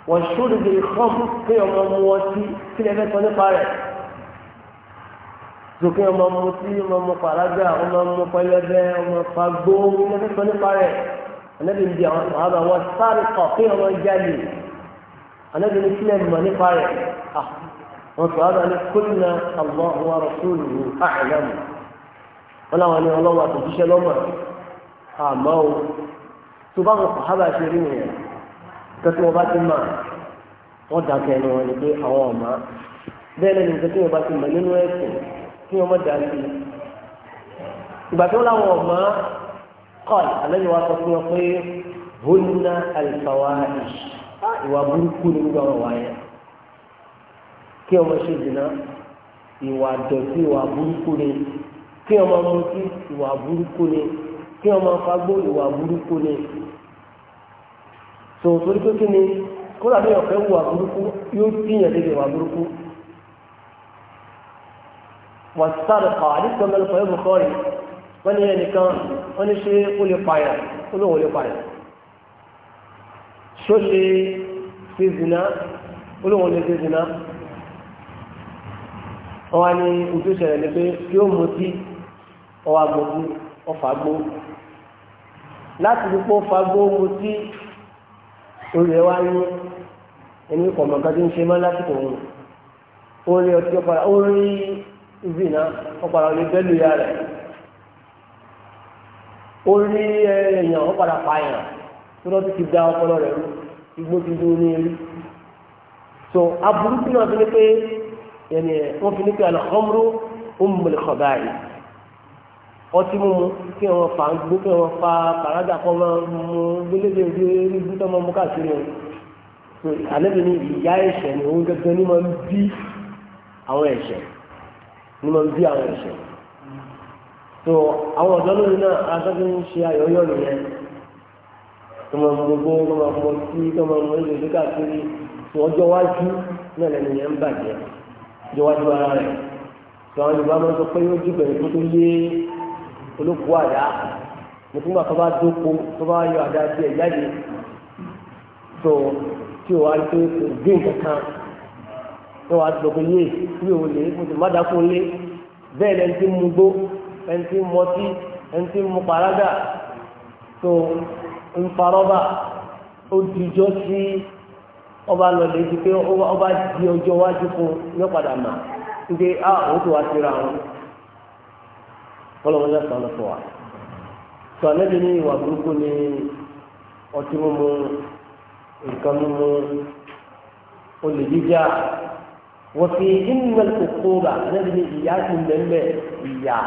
wọ́n ṣúrù bí ìkọ́m kí ọmọ mu wọ́n sí kí lè fẹ́ sọ nípa rẹ̀ zòkè ọmọ mu sí ọmọ mu pàlágà ọmọ mu pẹlẹbẹ ọmọ fagbó kí lè fẹ́ sọ nípa rẹ̀ àlẹ́bí ni bí àwọn sàhábà wọ́n sáré kọ̀ kí ọmọ jáde àlẹ́bí ni kí lè mọ̀ nípa rẹ̀ ah, wọ́n sàhábà ni kúlìnà àlọ́ àwọn arọ̀ṣúlù àìlẹ́mù wọ́n láwọn ni ọlọ́wọ́ àtòjíṣẹ́ lọ́mọ̀ àmọ́ o tó bá wọn sàhábà ṣe rí nìyẹn kẹtí wọn bá ti mà wọn dàkẹ́ ẹnu wọn ni pé àwọn ọ̀ma bẹ́ẹ̀ lẹ́nu kẹtí wọn bá ti mà nínú ẹ̀sìn kí wọn má dà sí i ìgbà tó láwọn ọ̀ma kọ́ọ̀lì àlẹ́yìn wa sọ fún wọn pé hunna al ìwà burúkú ni wọ́n wà yẹn kí wọn ṣe jìnnà ìwà dọ̀tí ìwà burúkú ni kí wọn mú sí ìwà burúkú ni kí wọn máa fagbó ìwà burúkú ni tó torí pé kí ni kódà bí ọ̀fẹ́ wà burúkú yóò tíyàn débi ìwà burúkú wà sáré pa àdìsọ mẹ́rin pẹ̀lú bukọ́rì wọ́n ní ẹnìkan wọ́n ní ṣe ó lè pààyàn ó lóun ò lè pààyàn ṣó lè ṣe zina ó lóun ò lè ṣe zina wọ́n wá ní ojú ìṣẹ̀lẹ̀ ni pé kí ó mutí ọwọ́ agbóhùn ọfà agbóhùn láti fi kó fagbó mu tí olè wa ní ẹni kọ̀mọ̀ kan tó ń ṣe mọ́ lásìkò òun olè ọtí ọ̀pára ó rí ìbìnà ọ̀pára olè bẹ́lú ya rẹ̀ ó rí èèyàn pààyàn tó lọ́ọ́ ti da ọpọlọ rẹ̀ rú igbó ti dúró ní erí so aburú tí wọ́n fi ní pé ẹni wọ́n fi ní pé alhamdu ummul khaba'i yìí ọtí mímu kí wọn fa gbó kí wọn fa kàrádà kọ máa mú gbélédè gbé ibú tó máa mú káàkiri o so àlejò ní ìyá ẹ̀ṣẹ̀ ni òun gẹ́gẹ́ ní máa ń bí àwọn ẹ̀ṣẹ̀ ní máa bí àwọn ẹ̀ṣẹ̀ so àwọn ọ̀dọ́ lónìí náà aṣáájú ń ṣe ayọ̀yọ̀ nìyẹn tó máa mú gbogbo tó máa mú ọtí tó máa mú ẹ̀ṣẹ̀ káàkiri so ọjọ́ wájú náà lẹ́nu yẹn ń bàjẹ́ ọjọ́ wájú ara rẹ̀ so àwọn Yorùbá máa sọ pé ó olóko àdá nítorí wọn kọ́ bá dóko tó bá yọ àdá díẹ̀ jáde tó tí o wá rí pé kò gbé nǹkan kan tó wàá dóko lé mi ò lè mo sì má dáko lé bẹ́ẹ̀ lẹ́ni tí mu gbó ẹni tí mu ọtí ẹni tí mu parágà tó ń farọ́bà ó dijọ́ sí ọba lọ́lẹ̀ di pé ọba di ọjọ́ wájú fún yọ́padà mà ń gbé a òun tó wá síra wọn kọ́lọ́mọ náà sọ̀rọ̀ fún wa. sọ anábì ní ìwà burúkú ni ọtí mímu nǹkan mímu olè jíjà wọ́n fi ìmọ̀ kókó bá anábì ní ìyá ti ń bẹ́ẹ̀ ìyá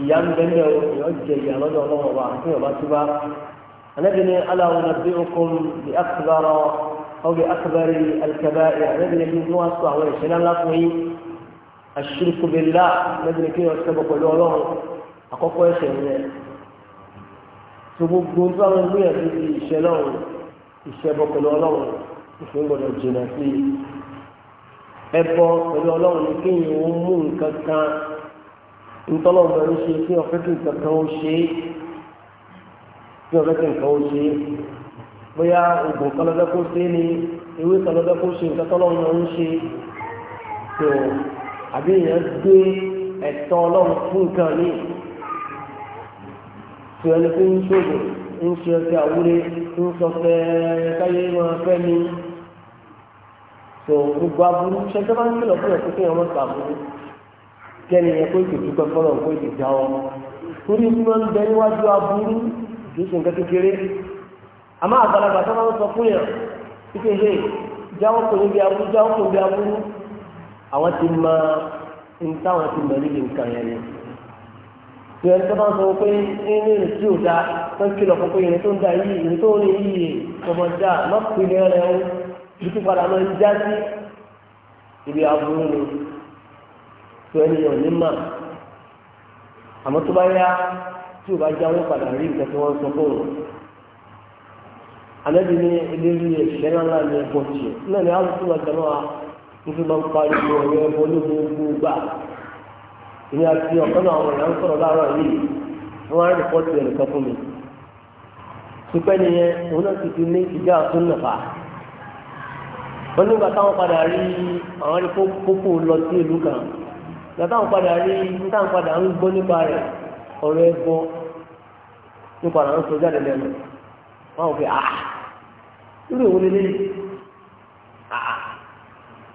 ìyá ń bẹ́ẹ̀ ìyá jẹ ìyá lọ́dọ̀ ọlọ́wọ́ wa àti ìyá bá ti bá anábì ní aláwọ̀ nàbí okun bí akubara ọ̀ bí akubari alikaba ìyá anábì ní bí wọ́n á sọ àwọn ìṣẹ̀lẹ̀ ńlá fún yín àṣírùkù bìlá lẹ́gbẹ̀ẹ́ kí wọ́n ṣẹ́bọ̀ pẹ̀lú ọlọ́run àkọ́kọ́ ẹ̀ṣẹ̀ yẹn tó gbogbo tó àwọn gbìyànjú ti ìṣẹ́ lọ́run ìṣẹ́bọ̀ pẹ̀lú ọlọ́run ìfún gbọ́dọ̀ jìnà sí i ẹbọ pẹ̀lú ọlọ́run ní kéèyàn ó mú nǹkan kan ntọ́lọ́run bẹ̀rù ṣe kí ọ̀fẹ́ kí nǹkan kan ó ṣe é kí ọ̀fẹ́ kí nǹkan ó ṣe bóyá oògùn kan lọ́dọ́ kó ṣe ni ewé kan lọ́dọ́ kó ṣe nǹkan tọ́lọ́run náà ń ṣe é àbí èèyàn gbé ẹ̀tọ́ ọlọ́run fún nǹkan ní tí ẹni pé ń ṣòwò ń ṣe ọtí àwúrẹ́ ń sọ fẹ́ káyé máa fẹ́ ni tó gbogbo aburú ṣẹjọ́ bá ń kìlọ̀ fún ẹ̀kọ́ kí ọmọ sàbúrú kẹ́ni yẹn kó ètò ìdúpẹ́ fọlọ́ kó ètò ìjà ọ torí tí wọ́n ń bẹ níwájú aburú kì ṣe nǹkan kékeré àmọ́ àgbàlagbà tó máa ń sọ fún yàn kíkéhe jáwọ́ kò níbi aburú jáwọ́ kò níbi aburú àwọn ti mọ ní táwọn ti mọ níbi nǹkan yẹn ni ìrìn tó bá ń sọ pé inú ìrìn tí ò da tó ń kìlọ̀ fún pé ìrìn tó ń da yìí ìrìn tó ń rìn yìí ọmọ da má pinnu rẹ o títí padà máa ń já sí ibi aburú ni tó ẹni yàn ní mà àmọ́ tó bá yá tí ò bá já wọn padà rí nǹkan tí wọ́n sọ fún un àlẹ́bí ní ilé rí ẹ̀ṣẹ́ ńlá ní ẹ̀bọ̀tì náà ni àwọn tó lọ jẹ́ náà nítorí máa ń pariwo ọ̀rọ̀ ẹ̀fọ́ ní gbogbo gbà èmi àti ọ̀kan náà ń sọ̀rọ̀ láàárọ̀ yìí wọ́n á fún mi tupẹ́ nìyẹn òun náà ti ti ní ìjà àtún nàfà wọ́n nígbà táwọn padà rí àwọn rí kókó lọ sí ìlú kan nígbà táwọn padà rí padà ń gbọ́ nípa rẹ̀ ọ̀rọ̀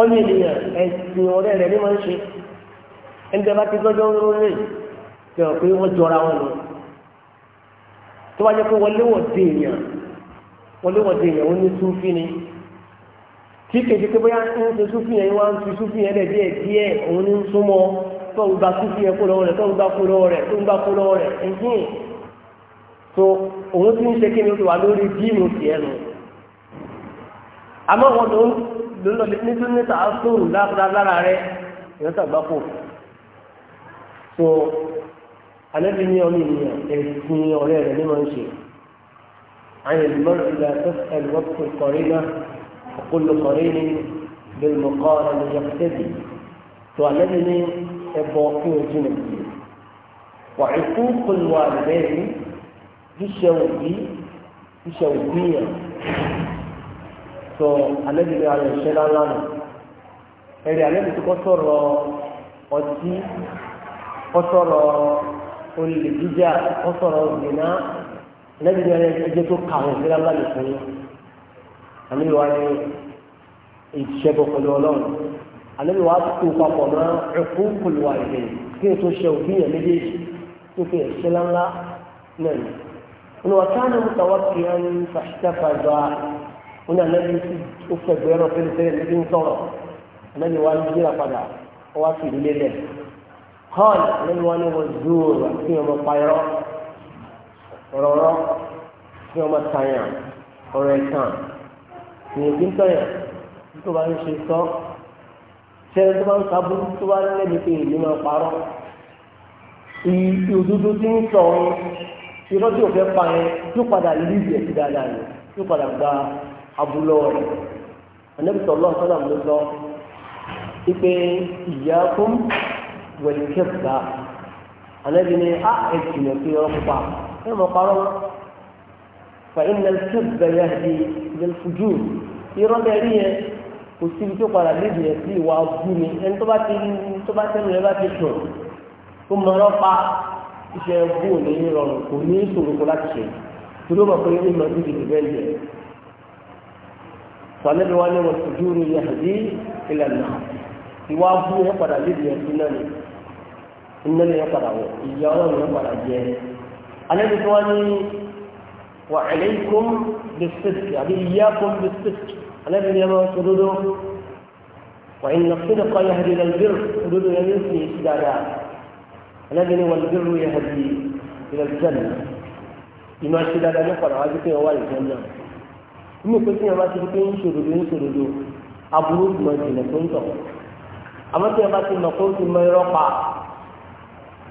ọmọ ènìyàn ẹ̀sìn ọ̀rẹ́ rẹ̀ ní máa ń ṣe ẹnìkan bá ti gbọ́dọ̀ ń rún rẹ̀ ṣe ọ̀ pé wọ́n jọra wọn lọ tó bá jẹ́ pé wọléwọ̀dé èèyàn wọléwọ̀dé èèyàn ó ní súnfí ni tí kèjì pé bóyá ń ṣe súnfí yẹn wá ń fi súnfí yẹn lẹ̀ díẹ̀ díẹ̀ òun ní súnmọ́ tó ń gba súnfí yẹn kó lọ́wọ́ rẹ̀ tó gba kó lọ́wọ́ rẹ̀ tó gba kó lọ́wọ́ rẹ̀ ẹ̀hìn tó òun ti ń ṣe kí ni ó ti wà lórí díìmù tiẹ̀ nù àmọ́ wọn ló ń lọ nítorí níta sóòrù lára lára rẹ ìyẹn tó àgbákò so alẹ́bí ní ọmọ ènìyàn ẹ̀sìn ọ̀rẹ́ rẹ̀ ní máa ń ṣe àyè lọ́rọ̀ ìlà tó ẹ̀lọ́pọ̀ kọ̀rí náà ọ̀pọ̀lọ̀ kọ̀rí ní bẹ́ẹ̀ mọ̀kọ́ tó alẹ́bí ní ẹ̀bọ̀ fún ojú nà wà ikú kọlu àlùbẹ́ẹ̀ni iṣẹ́ òbí iṣẹ́ òbí yàn sọ alẹ́bìnrin ara ìṣẹ́ lánàá nù ẹ̀rẹ̀ alẹ́bìnrin tó kọ́ sọ̀rọ̀ ọtí kọ́ sọ̀rọ̀ olè jíjà kọ́ sọ̀rọ̀ gbìnà alẹ́bìnrin ara ẹgbẹ́ tó kàwọn ìṣẹ́ lánàá nù fún yín àmì ìwà ni ìṣẹ́gun pẹ̀lú ọlọ́run alẹ́bìnrin wa tó papọ̀ mọ́ ẹ̀kú pẹ̀lú àìsè kí ètò ṣe òfin yẹn méjèèjì tó fi ẹ̀ṣẹ́ lánàá nù. ولو كان متوكلا فاحتفظ ó ní anabi sí ó fẹ̀gbẹ́ ẹran fẹ́lẹ́fẹ́lẹ́ níbi ń sọ̀rọ̀ anabi wa ń yíra padà ó wá sì rí lélẹ̀ hàn anabi wa ní wọ́n zúùrù àti ọmọ payọ́rọ́ rọ̀rọ̀ kí ọmọ tàyàn ọ̀rọ̀ ẹ̀tàn èèyàn kí ń tọ̀yàn tó bá ń ṣe sọ ṣẹlẹ̀ tó bá ń sábúrú tó bá ń lẹ́bi pé èmi máa parọ́ ìdodo tí ń sọ ọ́n irọ́ tí ò fẹ́ pa yẹn yóò padà líbi ẹ̀sìn dáadáa yẹn yóò padà gba abúlọ́wọ́ rẹ̀ anábìsọ̀ lọ́wọ́ sọ́nà ló sọ ipe ìyáàkùn wẹ̀lìkẹ́fà anábì ní a ah, ẹ̀jìnà pé ọ̀rọ̀ pupa ẹ̀ mọ̀ parọ́ wọn fa iná kẹ́fà yá di ìdẹ́lfujú irọ́ bẹ́ẹ̀ rí yẹn kò síbi tó padà lébi yẹn sí ìwà abú ni ẹni tó bá ti tó bá tẹ́lu rẹ̀ bá ti sùn tó mọ̀ ọ́ pa iṣẹ́ bóòlù yìí rọrùn kò ní ìṣòro kó láti ṣe tó ló mọ̀ pé ó mọ̀ níbi ìbẹ́ẹ̀ sọ̀nẹ́bí wọn ní wọn ojú ru yẹn àdí ilẹ̀ náà ìwà bú yẹn padà lébi yẹn sí náà ni iná yẹn padà wọ̀ ìyá ọlọ́run yẹn padà jẹ́ alẹ́bí tí wọ́n ní wà ẹ̀lẹ́kùn bisikì àbí ìyá kùn bisikì alẹ́bí yẹn máa ń sọ dodo wà ìnà sídìí kọ́ yẹn àdí lẹ́lbírù dodo yẹn ní sì sí dáadáa alẹ́bí ni wọ́n lébírù yẹn àdí ilẹ̀ jẹ́nà inú pé kí ẹ̀ma ti di pé ń ṣòdodo ń ṣòdodo aburú mọ ìjìnlẹ̀ tó ń tọ̀ àmọ́ tí ẹ̀ma ti mọ̀ kó ti mọ irọ́ pa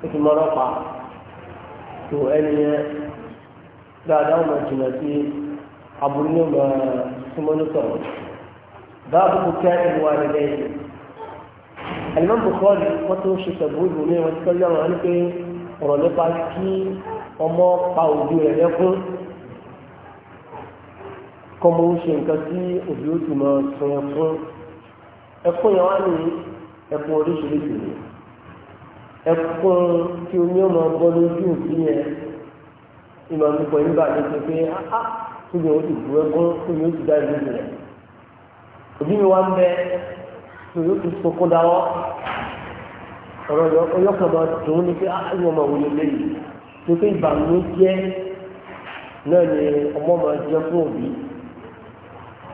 ó ti mọ irọ́ pa tó ẹni yẹn dáadáa mọ ìjìnlẹ̀ sí aburú ní ọmọ súnmọ́nú sọ̀rọ̀ báàbù kò kẹ́ ìlú wa nílẹ̀ yìí alimami bukori wọn tó ṣe tẹ̀bú ìlú mi wọn ti tọ́jú àwọn kọmọ ń ṣe nǹkan tí òbí ó ti máa sun ẹkún ẹkún yẹn wá ní ẹkún oríṣiríṣi ni ẹkún tí omi ọmọ bọ́ lójú òbí yẹn ìmọ̀ nípa nígbà tó ṣe pé áá tóbi ó ti bu ẹkún tóbi ó ti dá ìlú rẹ̀ òbí mi wá ń bẹ tóbi ó ti sunkún dáwọ́ ọ̀rọ̀ ọyọ́kànlá tòun ní pé áá ìwọ̀n máa wọlé lẹ́yìn tó pé ìbànújẹ́ náà ni ọmọ máa jẹ fún òbí.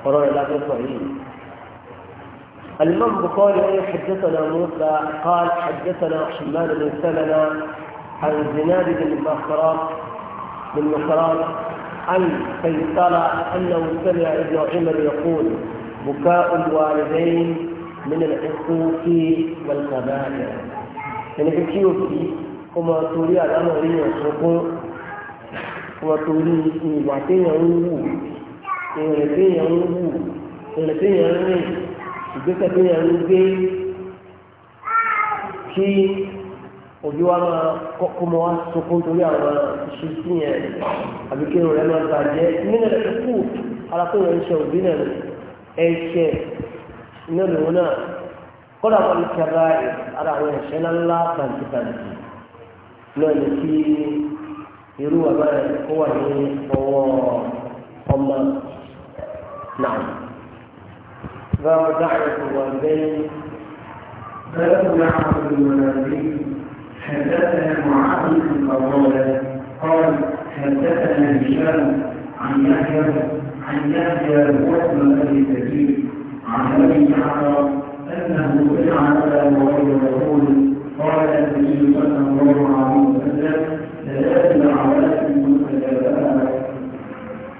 ọ̀rọ̀ rẹ̀ lábẹ́ الإمام حدثنا موسى قال حدثنا حماد بن سلمة عن زناد بن مخرام بن مخرام عن فيصل أنه سمع ابن عمر يقول بكاء الوالدين من الحقوق والكبائر يعني بكيوتي كما تولي الأمر يسرقون وتولي تولي إيماتين ìrìn tí yẹn ń wù ìrìn tí yẹn ń rìn ìgbésẹ̀ tí yẹn ń gbé kí òbí wa máa kọ́kọ́ mọ́ wá torí àwọn iṣẹ́ sí yẹn àbí kí irun rẹ̀ máa bàjẹ́ nínú ẹ̀ kú alákòwé ń ṣe òbí náà ẹ̀ṣẹ̀ iná lòun náà kọ́dà wọn ti ara àwọn ẹ̀ṣẹ̀ ńláńlá ní kí irú kó wà ní ọwọ́ ọmọ. نعم باب دعوة الوالدين باب دعوة الوالدين حدثنا معاذ بن قوله قال حدثنا هشام عن يحيى عن يحيى وابن ابي كثير عن ابي جعفر انه سمع ابا هريره يقول قال النبي صلى الله عليه وسلم ثلاث دعوات مستجابات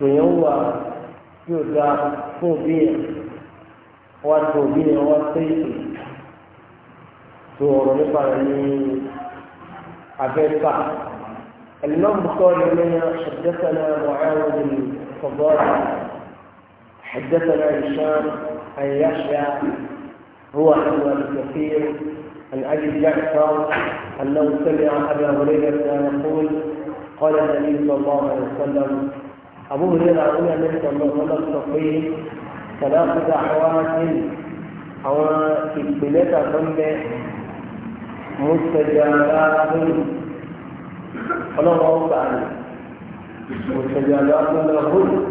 èèyàn wà tí ó da fún òbí yẹn wá tó òbí yẹn wá sí ètò tó ọ̀rọ̀ nípa rẹ̀ ní abẹ́fà الإمام البخاري لنا حدثنا معاوية بن فضال حدثنا هشام عن يحيى هو ابن أبي كثير عن أبي جعفر أنه سمع أبا هريرة يقول قال النبي صلى الله عليه وسلم أبو هريرة أقول النبي صلى الله عليه وسلم ثلاث دعوات أو إقبلة ضمن مستجابات الله تعالى مستجابات لهم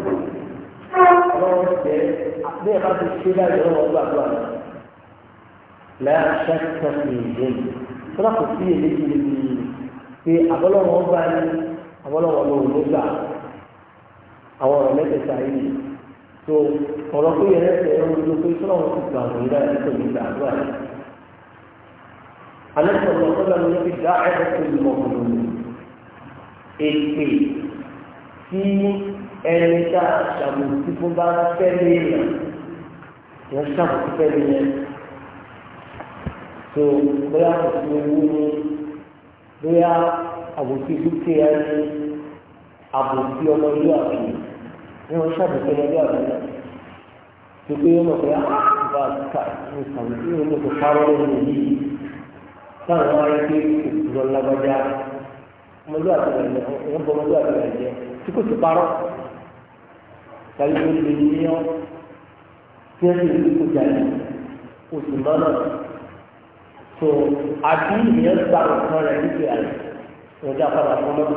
ليه قد الشباب هو الله لا شك فيهم صدق فيه في أبلغ الله أبلغ الله àwọn ọ̀rọ̀ mẹ́tẹ̀ẹ̀ta yìí tó ọ̀rọ̀ pé yẹn lẹ́sẹ̀ ẹ̀rọ ló pé sọ́wọ́n ti gbà wọ́n yíra ẹ̀ pẹ̀lú ìgbà àdúrà yìí. alẹ́ sọ̀rọ̀ sọ́dọ̀ ni wọ́n fi dá ẹ̀rọ tó lù ọ̀gbọ̀n èpè tí ẹni tá a ṣàbùsí fún bá fẹ́ lé èèyàn yẹn ṣàbùsí fẹ́ lé yẹn tó bóyá kò sí ni bóyá àbòsí dúkìá ni àbòsí ọmọ ìlú àbí ní wọ́n ṣàbẹ̀tẹ̀ lọ́jọ́ àbẹ̀lẹ̀ tó pé yóò mọ̀ pé àbá ká nǹkan tí yóò mọ̀ tó parọ́ lónìí yìí táwọn wáyé pé òkúrọ̀ lágbájá ọmọdé àtẹ̀lẹ̀ ẹ̀yẹ́ bọ́ ọmọdé àtẹ̀lẹ̀ jẹ tí kò ti parọ́ tàbí tó lè ní ọ́ tí ẹ sì rí kó jáde kó sì mọ́ tó àti ìyẹn gba nǹkan rẹ̀ nígbà rẹ̀ ọjà padà fún mọ́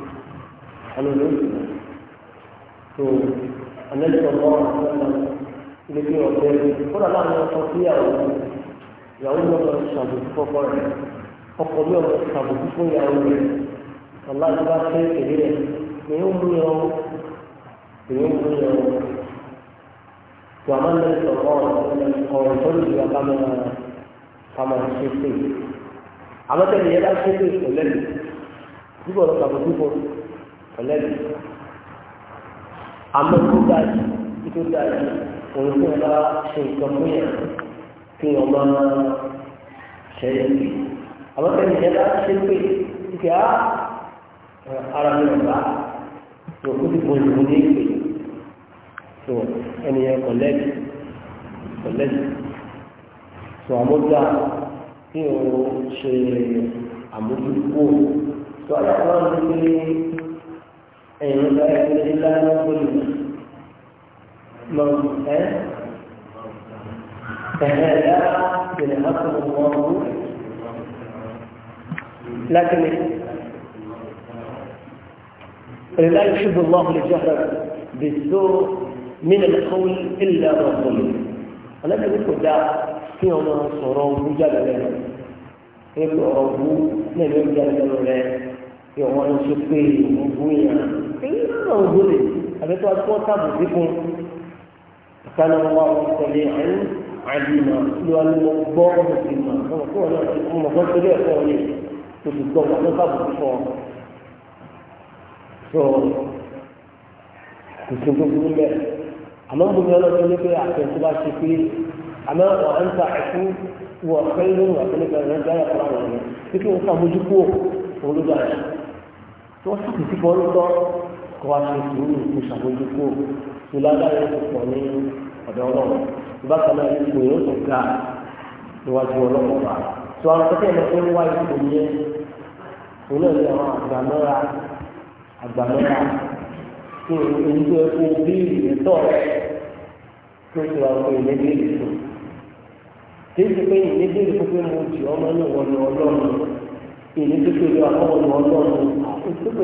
alolóyún tó anẹ́sọ̀rọ̀ ọ̀sán ilé bí ọ̀tẹ́ kódà láàrin ọkọ sí ìyàwó ìyàwó ní ọkọ ṣàbùkù fọkọ rẹ ọkọ ní ọkọ ṣàbùkù fún ìyàwó rẹ aláàbí bá fẹ́ èdè rẹ èyí ń mú yọ èyí ń mú yọ tó àmọ́ ní ìsọ̀rọ̀ ọ̀rọ̀ tó lè kámẹ́rà kámẹ́rà ṣe pé àmọ́ yẹn bá ṣe pé ọlẹ́bi àmọ́ tó dájú tó dájú òun tó bá ṣe nǹkan fún yẹn kí wọ́n máa ṣe é pé àwọn tẹ̀lé yẹn bá ṣe pé kí á ara mi ọ̀gá yòókù tí mo lò ní ìpè tó ẹnìyẹn kọ̀lẹ́bi kọ̀lẹ́bi tó àmójútó kí wọ́n ṣe àmójútó tó àyàwó àwọn ọmọdé. ẹ̀yìn bá ẹgbẹ́ ilá lọ́gbọ̀n mọ̀ọ́mù ẹ́ ẹ̀hẹ́ ẹ̀dá ìrìn àkọ́kọ́ لكن لا يحب الله الجهر بالسوء من القول إلا من ظلم أنا أقول لا في هنا صورة مجال لنا يقول ربو من يجال لنا يقول سبيل مبويا إلا ظلم أبيت أتقوى تابو ذكر كان الله سميعا عليما لو أن الله مسلما فهو أنا أم فصل يقولي تسدوه أنا تابو ذكر so kò sí tó burú bẹ́ẹ̀ àmọ́ mo ní ọlọ́run ní pé àfẹ́ tó bá ṣe pé àmọ́ wà ń ta ẹ̀kú wọ fẹ́ẹ́rù àtẹnugba rẹ̀ dára fún àwọn ọ̀rẹ́ pé kó wá ṣe sùúrù kó ṣàbójú kó tó lágbára ti pọ̀ ní ọ̀dọ̀ ọlọ́run bákan náà ipò yóò tó ga níwájú ọlọ́run wa tó àwọn akẹ́kẹ́ ẹ̀rọ tó ń wá ipò yẹn òun náà ní àwọn àgbàmọ́ra àgbàmọ́ra kí ẹni tó ẹkú bíìlì ẹ̀tọ́ rẹ̀ tó ti wà fún ìlé bíìlì tó kí pé ìlé bíìlì tó pé mo jì ọmọ ní ìwọ ọlọ́run ìlé tó pé ìlú ọlọ́run ìtúpè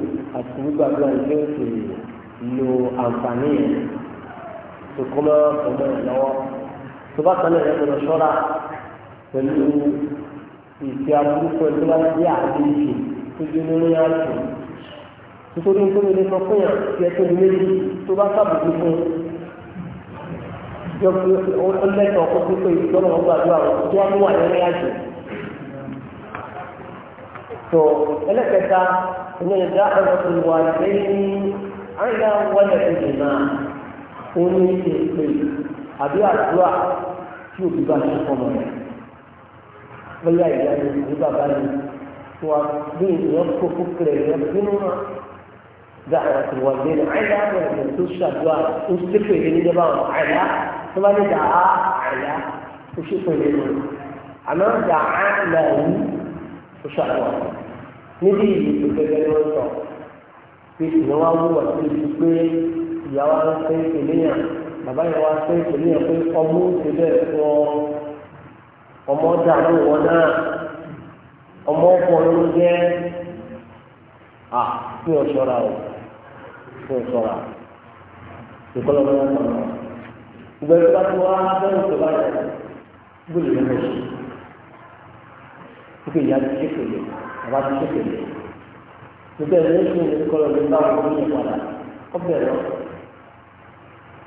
àti gbígbàgbọ́ ẹgbẹ́ òsè lo àǹfààní yẹn tó kọ́ mọ́ ọmọ rẹ̀ lọ́wọ́ tó bá kan náà lọ́dọ̀ ṣọ́ra pẹ̀lú ìfẹ́ aburúkọ tó bá dé àdé ìfẹ́ tó dé lórí àtò nítorí tó lè sọ fún yàn tí ẹ tó lè méjì tó bá sábùkú fún yọ pé ó lẹ́tọ̀ọ́ kó pípé ìjọba ọgbàdúrà tó wá mú àyẹ̀rẹ́ àjò tó ẹlẹ́kẹta ìwé ìdá ọ̀dọ́kùn wà lẹ́yìn àyà wọlé ẹ̀jẹ̀ náà ó ní èpè àbí àdúrà tí òbí bá ṣe fọmọ rẹ̀ bóyá ìyá ni òbí bàbá ni wà bí ìyẹn kó fúkúrẹ̀ ìyẹn bínú náà dá ọ̀dọ́kùn wà lẹ́yìn àyà wọlé ẹ̀jẹ̀ tó ṣàdúrà ó ṣe pé èyí ní dábàá wọn àyà tó bá ní dàá àyà ó ṣe pé èyí ní àmọ́ dàá lẹ́yìn ṣàlọ́ níbi ìlú gẹ́gẹ́ ló ń sọ pé ìyẹn wá wúwà sí ibi pé ìyá wa ń fẹ́ ìpèléyàn bàbá yẹn wá fẹ́ ìpèléyàn pé ọmọ òṣè bẹ́ẹ̀ fún ọ ọmọ dààmú wọn náà ọmọ ọkọ ló ń jẹ́ à fún ọ̀ṣọ́ra o fún ọ̀ṣọ́ra ìkọlọ́ wọn náà sọ̀rọ̀ ìgbẹ́rù bá ti wá bẹ́ẹ̀ ń sọ báyìí gbọ́dọ̀ lẹ́nu ọ̀ṣọ́ pé ìyá ti ṣépèlè bàbá ti ṣépèlè gbogbo ẹ̀rọ yóò fún ìdíkọ́ lọ sí báwo ló ń padà kọ́ bẹ̀rẹ̀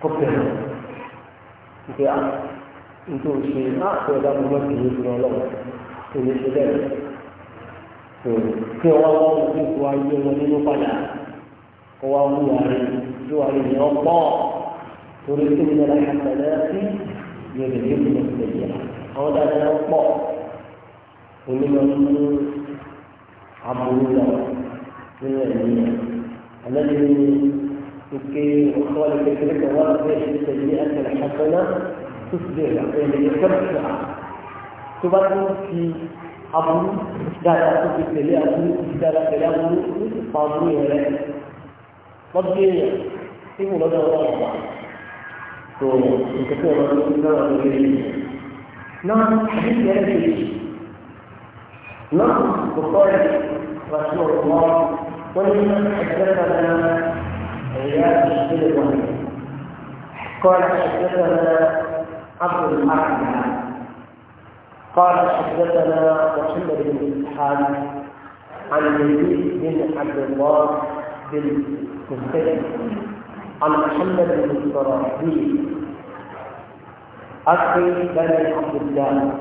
kọ́ bẹ̀rẹ̀ nígbà ah, nítorí ṣe àpò ah, ẹ̀dá gbogbo ti yé ọlọ́wọ́ tó lè ṣe bẹ́ẹ̀ tó kí ọwọ́ wọn wọ́n ti fún ayé wọn nínú padà kó wá wú ààrẹ tó wà lóyún ọ̀pọ̀ torí tó ń yẹra ìṣẹ̀lẹ̀ sí yẹ̀rẹ̀ yẹ̀rẹ̀ yẹ̀rẹ̀ àwọn dáadáa ń pọ̀ onímọ̀ nínú aburú lọ nínú ẹ̀mí rẹ̀ alẹ́ ní ike ọ̀sọ́ọ̀lù kékeré kan wọ́n fẹ́ ṣe tẹ̀lé ẹ̀sẹ̀ ṣàkóná tó fi lè rà ẹ̀mí rẹ̀ kẹ́pùtà tó bá tó fi aburú dáadáa tó fi tẹ̀lé aburú tó fi dáadáa tẹ̀lé aburú tó fi pa aburú yẹn rẹ̀ lọ́dún yẹn tí mo lọ́dọ̀ ọ̀rọ̀ ọ̀gbà tó nǹkan tó yẹ lọ́dún náà náà نص نعم، البخاري رسول الله ومن حدثنا عياض بن الوليد قال حدثنا عبد الأعلى قال حدثنا محمد بن إسحاق عن يزيد بن عبد الله بن مهتدي عن محمد بن الصراحي أخي بني عبد الله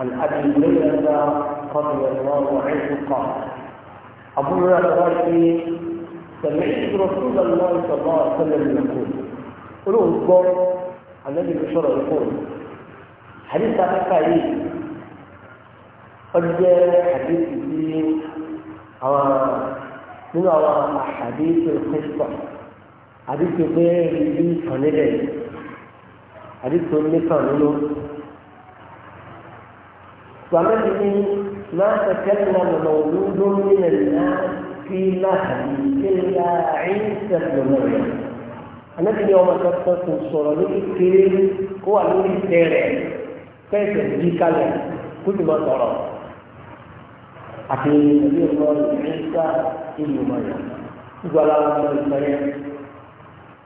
عن أبي هريرة رضي الله عنه قال أبو هريرة سمعت رسول الله صلى الله عليه وسلم يقول قلوا اصبر النبي بشرى يقول حديث أخي قد جاء حديث في من أحاديث القصة حديث غير لي فنجي حديث لي فنجي وعمل ما تكلم مولود من الناس في مهد إلا عيسى بن مريم النبي يوم تفتح الصورة للكريم هو نور السيرة كيف يجيك كل ما ترى أخي النبي الله عيسى بن مريم يقول الله بن مريم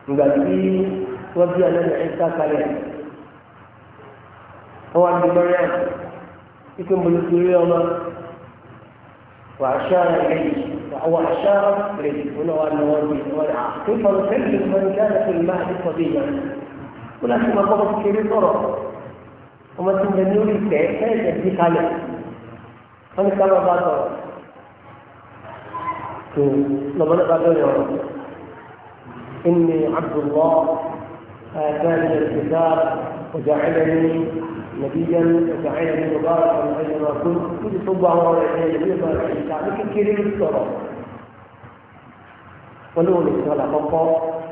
يقول لي وفي النبي عيسى كريم هو عند مريم يكون بالنسبه بالسورية وأشار إليه وهو أشار إليه هنا والنوازل كيف نكلف من كان في المهد صبيا ولكن ما ضغط كبير ضرر وما تنبنيوا لي كيف يجي عليه أنا كان بعد لما نقابل إني عبد الله آتاني الكتاب وجعلني نبيا وسعيدا مبارك من اجل ما كنت كل صبع ورعيه يبيض لكن كريم الصلاه ولو الصلاه فقط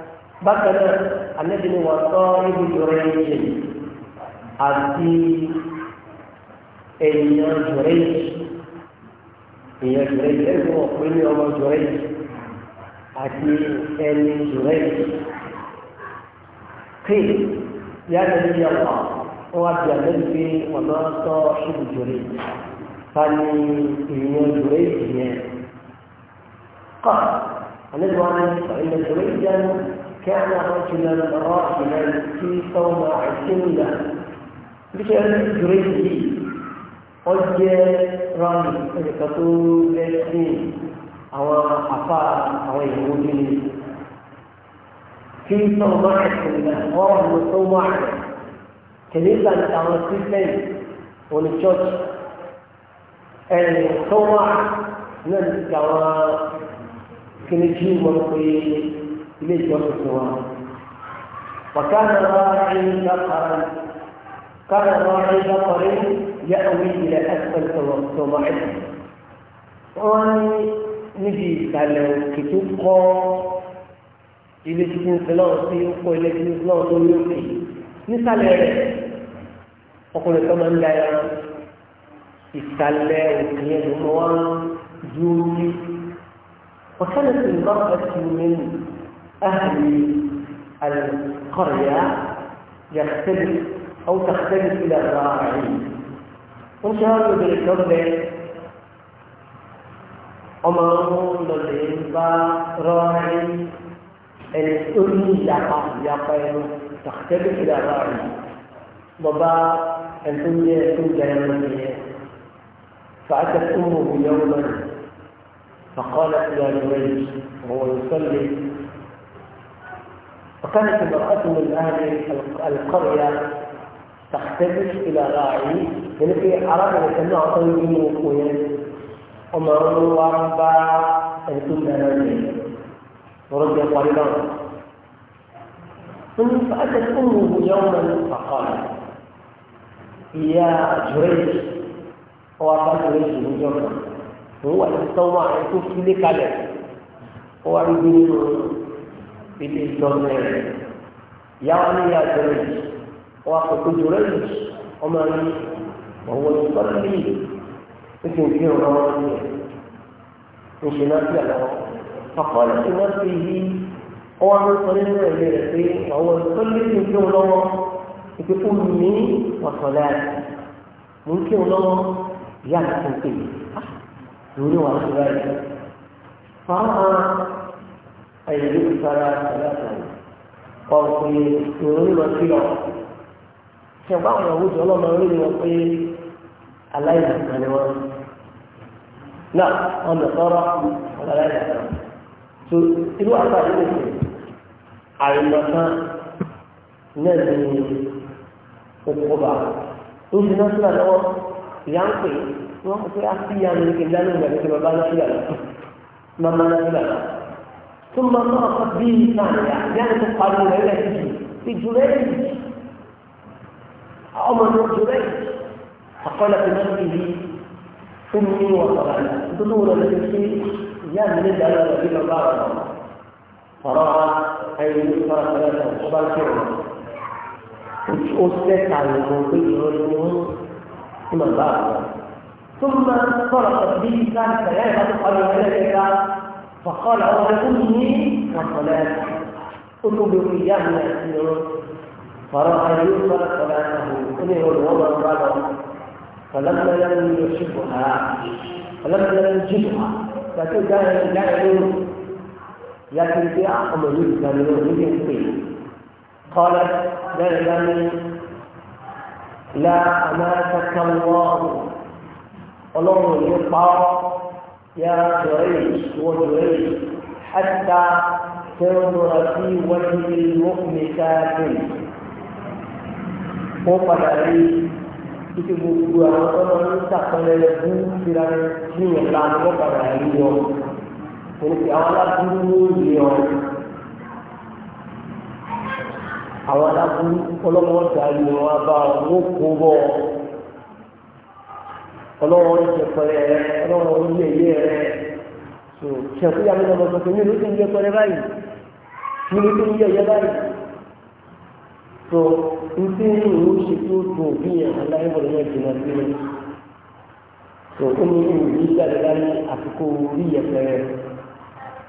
بكر النبي وصائب جريج àti èèyàn jùrẹ́yì èèyàn jùrẹ́yì ẹ̀sùn ọ̀pẹ ní ọmọ jùrẹ́yì àti ẹni jùrẹ́yì kéè yá lẹ́yìn wọ́n á bí àlẹ́bí pé ọ̀nà tọ́ ṣubú jòrè ta ni èèyàn jòrè ìyẹn kọ́ àlẹ́bí wọn ní ìlẹ̀ jòrè ìyẹn كان رجلا راحلا في صوم عسيلة بشأن جريجي ọjẹ́ rami ẹnìkan tó lẹ́sìn àwọn afá àwọn ìwòjú ni kí sọ̀rọ̀ máa ẹ̀sìn náà wọ́n lọ sọ́wọ́ àrẹ̀ kìnìún gbà àwọn kírísítẹ́nì òní chọ́ọ̀chì ẹ̀rìn tó wà náà ní ti àwọn kìnìún wọn pé ilé ìjọsìn ti wà. وكان راعي بقرا كان راعي بقر يأوي إلى أسفل سواعده wọ́n níbi ìsàlẹ̀ òkè tó kọ́ ilé tuntun sílọ́ọ̀ sí ó kọ́ ilé tuntun sílọ́ọ̀ lórí òkè nísàlẹ̀ rẹ̀ ọkùnrin kan máa ń la ẹran ìsàlẹ̀ òkè ẹ̀ ló wá ju omi ọ̀sán ẹ̀sìn nǹkan ẹ̀sìn omi nù ahli alqarya yàtẹ̀lẹ̀ ọ̀hún tàkìtẹ̀lẹ̀ sílẹ̀ ráàyè ó ṣe hàn lóbìnrin kan bẹ ọmọ ọhún lọlẹ̀ ń bá ráàyè ẹni tó ní ìyapa ìyapa ẹnu tàkìtẹ̀lẹ̀ sílẹ̀ ráàyè bàbá. أن كنت مني فأتت أمه يوما فقالت يا نميس وهو يصلي فكانت امرأة من أهل القرية تحتفل إلى راعي لأن يعني في أراد أن يسمعها طيبين وقويا أمروا وربا أن كنت يمنية ورد قريبا ثم فأتت أمه يوما فقالت ìyá jùrẹ́jì ọwọ́ apá jùrẹ́jì níjọ́ kan òun wà ní sọ́wọ́ àwọn tó fi lé kalẹ̀ ọwọ́ arúgbó nínú ilé ìtọ́nù rẹ̀ ìyá wa ní ìyá jùrẹ́jì ọwọ́ àkókò jùrẹ́jì ọmọ rẹ̀ ọwọ́ ìtọ́nù rẹ̀ ó sì ń fi hàn ọmọ rẹ̀ ń ṣe náà sí àlọ́ àkọọ́lẹ̀ ṣe sí yìí ọwọ́ arúgbó nínú ẹ̀mí rẹ̀ pé ọwọ́ ìtọ́nù rẹ̀ ń fi hàn lọ́wọ́ ìpè fún mi wọ̀sọ̀lẹ́ mo ń kí wọn lọ́wọ́ ìyá mi tó ń pè mí lórí wọn àti ìyá rẹ̀ fáwọn ayẹyẹ ìfara ìfara ọ̀rọ̀ pé ìròyìn lọ sí lọ ṣẹ̀gbọ́n àwọn ìyàwó tí ọlọ́mọ orí ni wọ́n pé aláìsàn ni wọ́n náà wọ́n lọ sọ́rọ́ aláìsàn tó irú àgbà yìí nìyẹn àìmọ̀tán náà ni ဥပ္ပါဒသူစဉ်းစားတော့ရောင်းပြီးတော့အစအစီရတယ်ကျန်တယ်လို့ပြောတယ်ဘာလို့ပြောလဲမမနာပြလား يعني ثم ما اخذ به ثانيا يعني تقالوا له لا تجي في جريج او ما نور جريج فقال في نفسه امي وقرانا تدور الذي في يا من جعل الذين قالوا فراى اي يسرى ثلاثه وبالكرمه ó sẹ́ka ìwọ̀n pé ìwọ̀n ni wọ́n ní bàbá àwọn. tó ń bá sọ̀rọ̀ tàbí ká ìtàlẹ́ ìbá tó parí ọ̀rẹ́ ẹ̀ka fàkọ́lá ọ̀rẹ́ tó ní wàtọ̀lẹ́ ó tó gbé fún ìyá mi àti ìrọ̀ fọ̀rọ̀ ayé ó sọ̀rọ̀ tọ̀lá ìtàlẹ́ ó ní ìrọ̀ wọ́n máa ń bá lọ. فلما لم يشبها فلما لم يجبها لكن قالت لعبني لا أماتك الله الله يطع يا جريج وجريج حتى تنظر في وجه المؤمن كافر عليه ike gbogbo àwọn ọmọ ní sàkọlẹ fún ìlà ní ìlànà ọkọ àìyọ òkè àwọn aláàbúrú ló yẹ àwọn aláburú ọlọ́wọ́ darí wọn wá bá wọn kó bọ̀ ọlọ́wọ́ ìjẹpẹrẹ rẹ ọlọ́wọ́ ìyẹyẹ rẹ tó ṣẹ̀kú yà mí lọ́mọ tuntun nínú tó ń yẹ pẹrẹ báyìí nínú tó ń yẹyẹ báyìí tó n tí ń rò ó ṣe tó tó bí yẹn aláìbọ̀lẹ̀ náà jìnnà sí mi tó ó ní ìwé yìí jáde láyé àfikún orí yẹpẹrẹ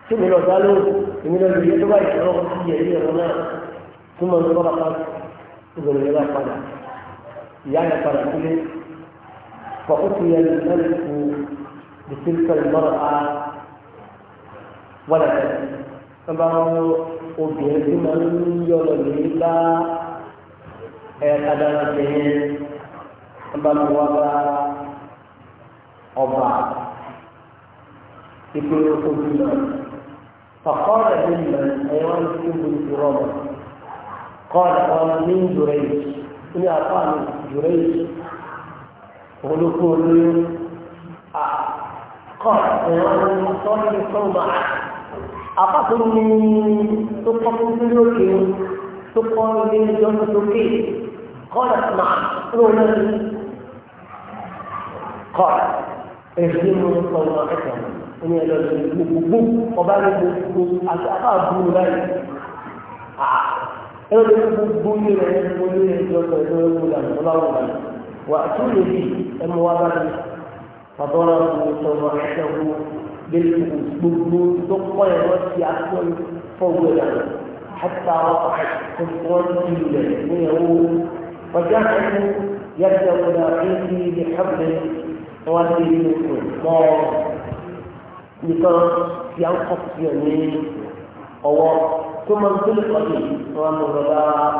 tí mi lọ dá lóhùn èmi tó máa ń lọ́ra pa ìgbòho yẹn náà padà ìyá yẹn padà sílé فأتي الملك بتلك المرأة ولدا طبعا obìnrin tí máa ń yọlọ ní bá ẹ̀ẹ́dàdàbìnrin abámuwá bá ọba ìpínlẹ̀ ogun náà fàkọ́ọ̀rẹ́ قال قال من جريج إن أعطاني جريج ولكل قال أنا أصلي صوم أقتل من تقوم بلوكي تقوم بلوكي قال اسمع قلنا قال اهدموا صومعتهم إن يلزم بوب وبالي بوب أتأقى بوب ẹgbẹ́ tó gbogbo yìí rẹ̀ ní gbogbo yìí rẹ̀ tó sọ ìlú ẹ̀kú lànà tó bá wù lànà wà á tún lè bí ẹmu wa bá mi pàtọ́ra kò sọ̀rọ̀ ẹ̀kú bẹ́ẹ̀ kò gbogbo tó kọ́ ẹ̀ wọ́n ti akọ́ fọ́wọ́ lànà hàtà wọ́n ti lẹ̀ níyàwó wàjà ẹ̀kú yàtọ̀ ọ̀dà ẹ̀kú ní xabẹ̀ wọ́n ti lè mọ́ nìkan yàn kọ́ sí ẹ̀ ní ọwọ́. ثم انطلق به ومغبا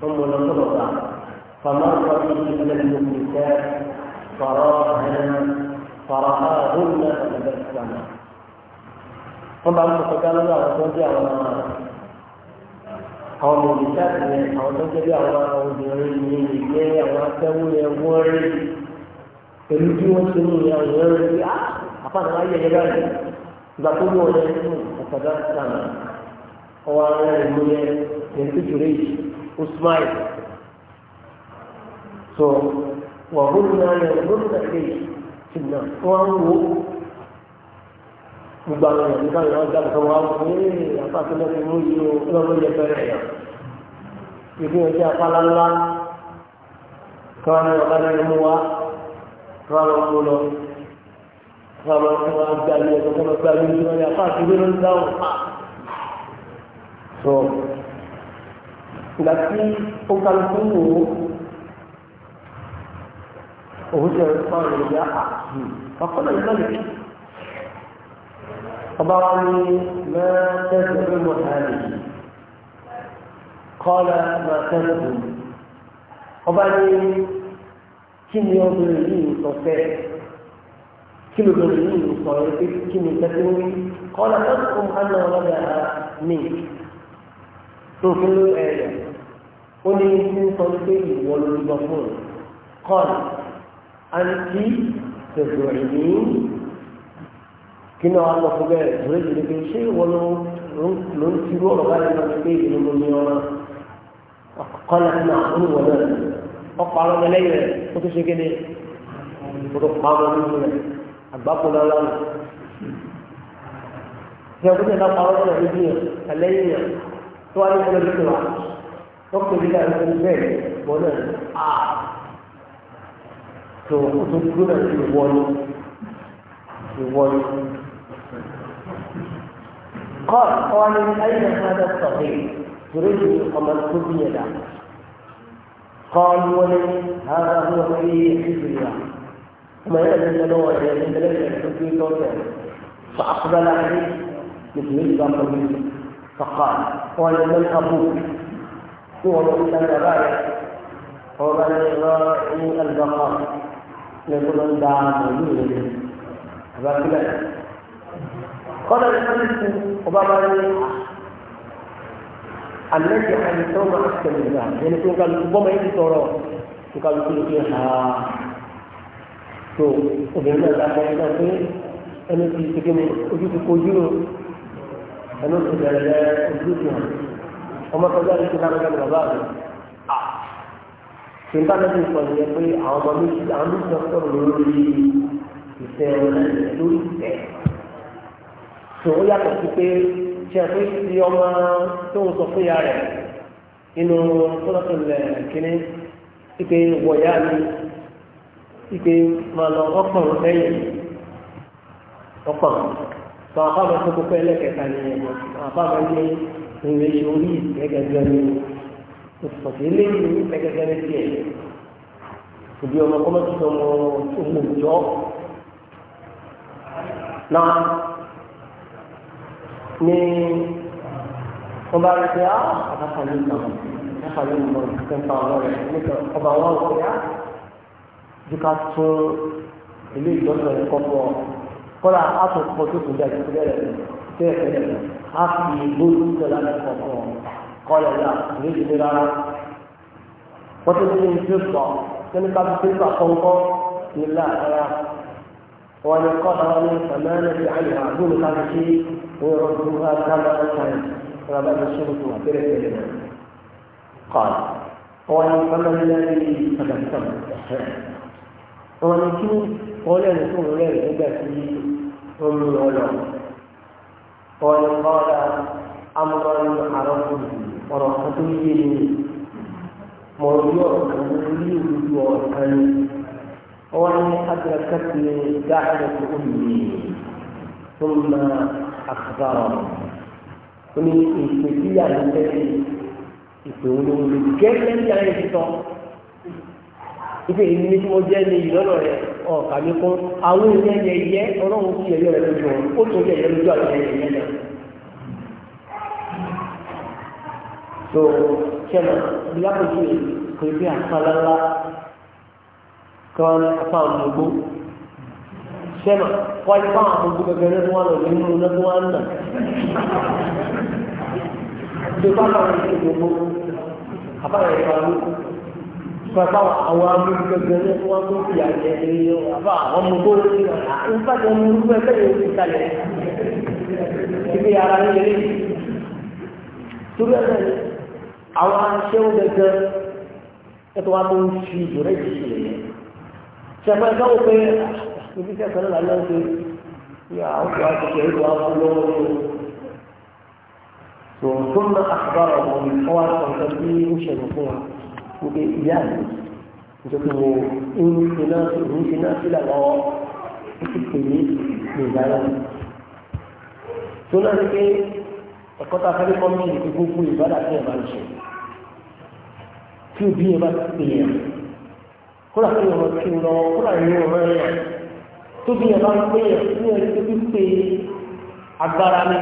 ثم انطلق فمر به على المملكات فراهن فرآهن فتبسم ثم بعد فقال الله رجع àwọn mọ̀lẹ́sà ti rẹ̀ àwọn tó jẹ́ bí àwọn obìnrin ní ìgbẹ́ àwọn akẹ́wò yẹn wọ́n rí pẹ̀lú bí wọ́n ṣe ní ìyá ìyá rẹ̀ bí àpá àwọn ayẹyẹ báyìí ìgbà tó wọ̀ yẹn fún ọ̀kadà sàmà ọwọ́ ara rẹ̀ ló yẹ ẹ̀ńtítúrẹ́ yìí ó so wọ́n hún náà yẹ lórí náà lè ti nà wọ́n á ń wo gbogbo àwọn èèyàn nípa ìwọ́n dá nǹkan wá wọ́n ní àpáta náà ti mú yìí ó lọ́wọ́ yẹ fẹ́rẹ̀ yà ìdí ọjọ́ apálá ńlá kí ní ọ̀gá náà mú wá kí wọ́n lọ mú lọ kí wọ́n lọ fún wa gbà ní ẹ̀kọ́ kí wọ́n gbà ìdí ọjọ́ apá àti ìwé ló ń dáhùn so ìgbà tí ó ká lóko ń wò ó òun ṣe ọ̀rọ̀ fún àwọn ìyá àti ọ̀pọ̀lọpọ̀ ìgbà yìí ọba wa ní mẹ́tẹ́sì pé mo hà lè kọ́lá mẹ́tẹ́sì ọba ní kí ni obìnrin yìí sọ fẹ́ kí ni obìnrin yìí sọ ẹ kí ni tẹ́tí wí kọ́lá mẹ́tẹ́sì fún hàn tó fi ló ẹ̀yọ̀ ó ní kí n sọ pé ìwọ ló lọ fún un kọ́n àǹtí tẹ̀sọ̀ ìní kí náà wàá lọ fún bẹ́ẹ̀ lórí ìdílé pé ṣé ìwọ ló ló ń tirú ọ̀rọ̀ báyìí lọ sí pé ìdílé mo ní ọ̀rọ̀ kọ́nà náà ó ń wọ̀ náà àwọn ọmọ ẹlẹ́yìn ó tó ṣe kéde ó tó pa ọmọ nínú rẹ̀ àgbákò lọ́la nù. ìyàwó tó ń bá pa ọmọ ẹlẹ́yìn rẹ̀ سؤال أنا بكرة فقط إلى أن البيت آه تقول في الوالد في الوالد قال قال من أين هذا الصغير تريد أن تبني له قال ولد هذا هو في حزب الله ثم يأذن له ويأذن له فأقبل عليه مثل البقر فقال قال من أبوك هو مؤمن غاية ومن راعي البقاء يقول من دعا موجودا فبكى قال الحديث وبابا الذي حدثهما أحسن الذهب يعني كنت ربما يجي توراه وقال كل شيء ها تو وبين ذلك أنا في أنا في سجن ẹnu tó bẹ̀rẹ̀ lẹ ojútùú hàn ọmọ tó jáde tó lágbàgbà ní bàbá rẹ̀ à kí n bá lẹ́nu sọ nìyẹn pé àwọn ọmọ méjì àwọn méjì náà sọ̀rọ̀ lórí ìfẹ́ lórí ìfẹ́ tó ó yàtọ̀ sí pé tí a pé ti ọmọ tó ike wọ̀yá mi ike màlọ́ ọkàn lẹ́yìn ọkàn tọ́ àfáàmọ́ tó kókó ẹlẹ́kẹta ni ẹ̀jẹ̀ àfáàmọ́ ní ìwé orí gẹ́gẹ́gẹ́ ní òṣìṣẹ́ lẹ́yìn gẹ́gẹ́gẹ́ ní tiẹ̀ òbí ọmọ kọ́mọ́ tó sọ ọmọ ọmọ òjọ́ náà ní wọ́n bá rí pé ah, á àtàkàlù ìgbà àtàkàlù ìgbà kẹta ọlọ́rẹ̀ nípa ọba wọn ò pé ah, á dúkà tún ilé ìjọsìn ẹ̀kọ́ fún ọ kọ́lá àtòkọ́ tó kù jáde tó bẹ̀rẹ̀ tẹ́ ẹ̀rẹ̀ á fi lóyún tẹ́lá ní kọ̀ọ̀kan kọ́lá ìyá ìwé ìdílé rárá wọ́n tó ti ń fi sọ sani ka fi pépà kọ́ńkọ́ ní láàárá wọn ni kọ́ àwọn ní sàmánà bí ayé wa bí mi ká fi ṣe wọ́n yọrọ tó wá dáná ọ̀sán wọn bá mi sọ̀rọ̀ tó wà bẹ̀rẹ̀ bẹ̀rẹ̀ náà kọ́ àwọn ní sàmánà bí ayé wa bí mi ká fi ṣe wọ́n yọrọ tó wá dáná ọ̀sán wọn ni kí wọn lẹ́nu tó wọn lẹ́nu nígbà tí wọn mú wọn lọ wọn ni kọ́ra amúnáwó àrọ́kùn ọ̀rọ̀ kan tó yé ni mọ̀ orí ọ̀rọ̀ kan ní orí òdodo ọ̀rọ̀ kan ni wọn ni adìrẹ́kẹ́tì dáhùn tó ń yé tó ń ma àkàtà ọ̀rọ̀ wọn ni ìpè yàrá tẹ́lẹ̀ ìpè wọn ni wọn gẹ́gẹ́ bí ayé ti tọ́ ife èyí ni tí mo jẹ́ ní ìlọ́lọ́ rẹ̀ ọ̀kà mi kún àwọn ìyẹn yẹ yẹ ọlọ́run sí ẹ̀yẹ rẹ̀ lójú wọn ó tún yẹ lójú àti ẹ̀yẹ yẹ náà. tó ṣẹlẹ̀ ìyàpọ̀jù kò fi àfàlálá kan afa àmúgbó ṣẹlẹ̀ wáyé fáwọn àmúgbó gẹ́gẹ́ lẹ́nu wọn lọ nínú lẹ́nu wọn nà. tó bá bá gbogbo àbáyọ̀ ìfọwọ́ pàpà àwọn amúgbẹgbẹ ní wọn tó fi àjẹ ẹyẹ àbá àwọn ọmọ tó ń rìn àwọn ìfàjẹ ọmọ olùgbẹ bẹ́ẹ̀ yóò fi kalẹ̀ ibi ara ń yẹlé torí ẹgbẹ́ ni àwọn aṣẹ́wó wa tó ń fi ìdúró ìdíje yẹn ṣẹ̀fẹ̀ káwọn pé ah, ibi kẹsàn án lálẹ́ ń yà àwọn tó wá ti ṣe ìlú àwọn lọ́wọ́ tó tó ń bá àkùbá ọ̀gbọ̀n ọ̀wá ọ̀gbọ̀n tó ń ṣẹ̀lẹ̀ fún wa wípé ìyá mi nítorí mo ń ṣe náà ń ṣe náà sílẹ̀ lọ́wọ́ ó sì pè mí ní ìdáná. tó náà ní pé ẹ̀kọ́ tá a fẹ́ kọ́ mí ní gbogbo ìbádà tí ẹ̀ máa ń ṣe tí òbí yẹn bá ti pè yẹn kóra kí ọmọ kí ń lọ kóra ìlú ọmọ rẹ tó bí yẹn bá ń pè yẹn ní ẹni tó fi pè agbára mi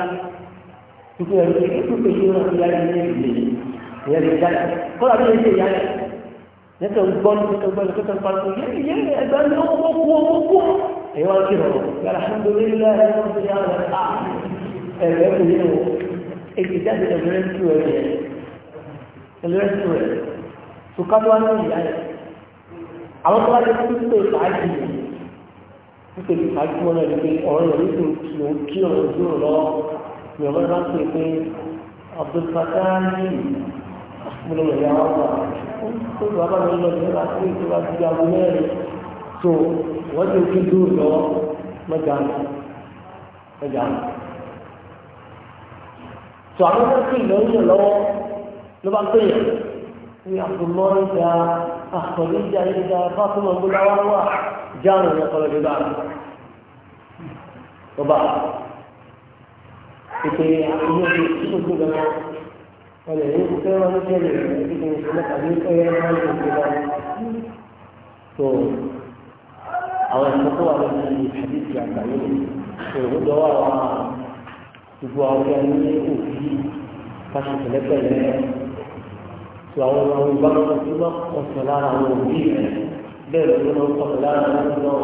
tó fi ẹni tó fi pè yẹn náà fi láyé ní ìlú yẹn ìyẹn lè jáde kọ́lá bí lè ṣe ìyá rẹ̀ nítorí gbọ́n nítorí gbọ́n nítorí gbọ́n nítorí yẹ yẹ ẹgbẹ́ ní ó kú ó alhamdulillah ẹ̀ wọ́n ah, ti yà rẹ̀ á ẹ̀rẹ́ kò yẹ wò èyí jáde ẹ̀rẹ́ tù ẹ̀ yẹ ẹ̀rẹ́ tù ẹ̀ sùkàtú wa ní ìyá rẹ̀ àwọn tó bá ti kú pé fàájì pípé fàájì wọn náà ní kí ọ̀rọ̀ ìdúró lọ mo àwọn ọmọ tó ọ̀nà yìí ti fẹ́ wọn jẹ́ lè rẹ̀ kí ni ìṣẹ̀lẹ̀ tàbí ẹ̀yẹ wọn lè fi lọ. tó àwọn ẹ̀sọ́ tó wà lórí àdìsí àgbáyé ìròyìn dọ́wọ́ àwọn gbogbo àwọn ẹni ní òbí káṣí pẹ̀lẹ́pẹ̀lẹ́ tó àwọn ọmọ ìgbà kan tó bá kọ̀ọ̀tọ̀ lára àwọn òbí rẹ̀ bẹ́ẹ̀ ló ló ń kọ̀ọ̀tọ̀ lára àwọn òbí náà ló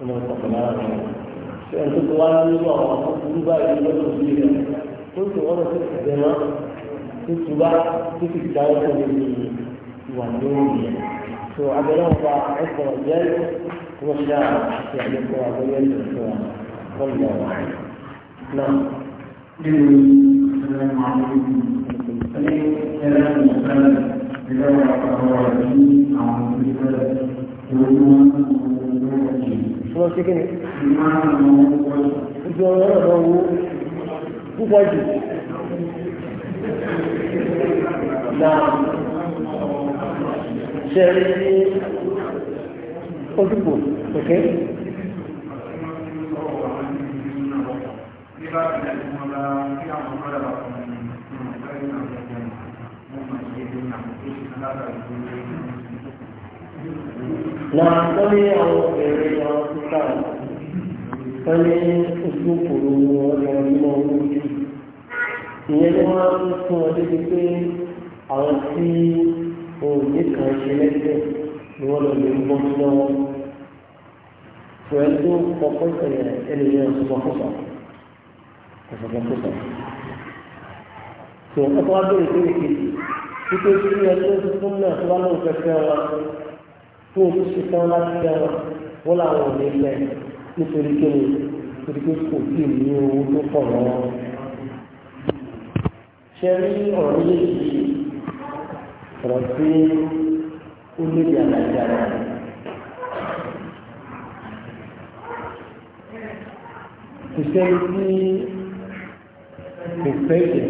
ń kọ̀ọ̀tọ̀ lára àwọn òbí rẹ̀ tó wá nínú àwọn àkókò báyìí lọ́dọ̀ òbí rẹ̀ tó ń tẹ̀wọ́n lọ sí ìdẹ́mọ́ tuntun bá títí ìdáwọ́ tó lè ní ìwà lórí yẹn tó abẹ́rẹ́ wọn bá ẹ̀kọ́ jẹ́ wọ́n ṣe àti àlékún abẹ́rẹ́ ìlú tó wà wọ́n lọ wà náà. Nínú ìṣẹ̀lẹ̀ máa ń ní ẹ̀rọ ìṣẹ̀lẹ̀ ìlú àwọn ọ̀rọ̀ ní àwọn ìṣẹ̀lẹ̀ ìlú wọ́n ṣe kí ni? Ìjọ ọ̀rọ̀ lọ́wọ́ púpọ̀ jù náà ṣe rí ní ojúbò òkè. Náà àwọn obìnrin lọ sí káà, tó ojú kòrò wọn lọ nínú ojú ìyẹn ni wọ́n ń fún ọ débi pé àwọn tí òòlù kan ṣe lẹ́sẹ̀ ni wọ́n lọ lè ń bọ́ sí lọ́wọ́ pẹ̀lú ọkọ̀ ìṣẹ̀lẹ̀ ẹlẹ́yìn ọ̀sọ̀gbọ̀kọ̀sọ̀ ọ̀sọ̀gbọ̀kọ̀sọ̀ tó ọkọ̀ wa bẹ̀rẹ̀ pé èkejì títí tí ẹ tó ti fún náà tó bá lóun fẹ́ fẹ́ wa tó o tó ṣe tán láti fẹ́ wa wọ́n làwọn ò ní fẹ́ nítorí kéwòn nítorí pé kò tí ì ní owó tó pọ̀ lọ́wọ́ ṣẹ́rí ọ̀rọ̀ méjèèjì yìí ọ̀rọ̀ tí ó lébi àlàyé ara rẹ̀. kò sẹ́ni tí kò fẹ́ jẹ̀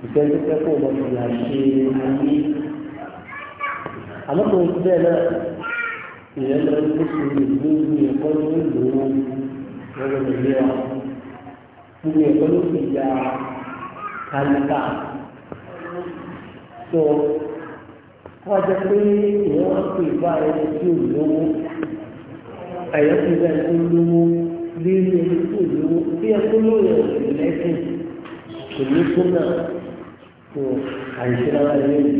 kò sẹ́ni tó fẹ́ kó o lọ sí àṣẹ ayé. àmọ́ kò bẹ́ẹ̀ náà ìyẹn lọ sí sùúrù lórí ẹ̀kọ́ lórí ìlú wọn lọ́wọ́ ìlera gbogbo ẹ̀kọ́ ló fi ya kálíkà tó wọ́n pé èèyàn wọ́n bá ẹni tí ò lówó ẹ̀yọ́ ti bá ẹni tó lówó lérí ẹni tó lówó bí ẹ tó lóye ọ̀sẹ̀ lẹ́sìn kò ní tó náà tó àìsí rárá ẹni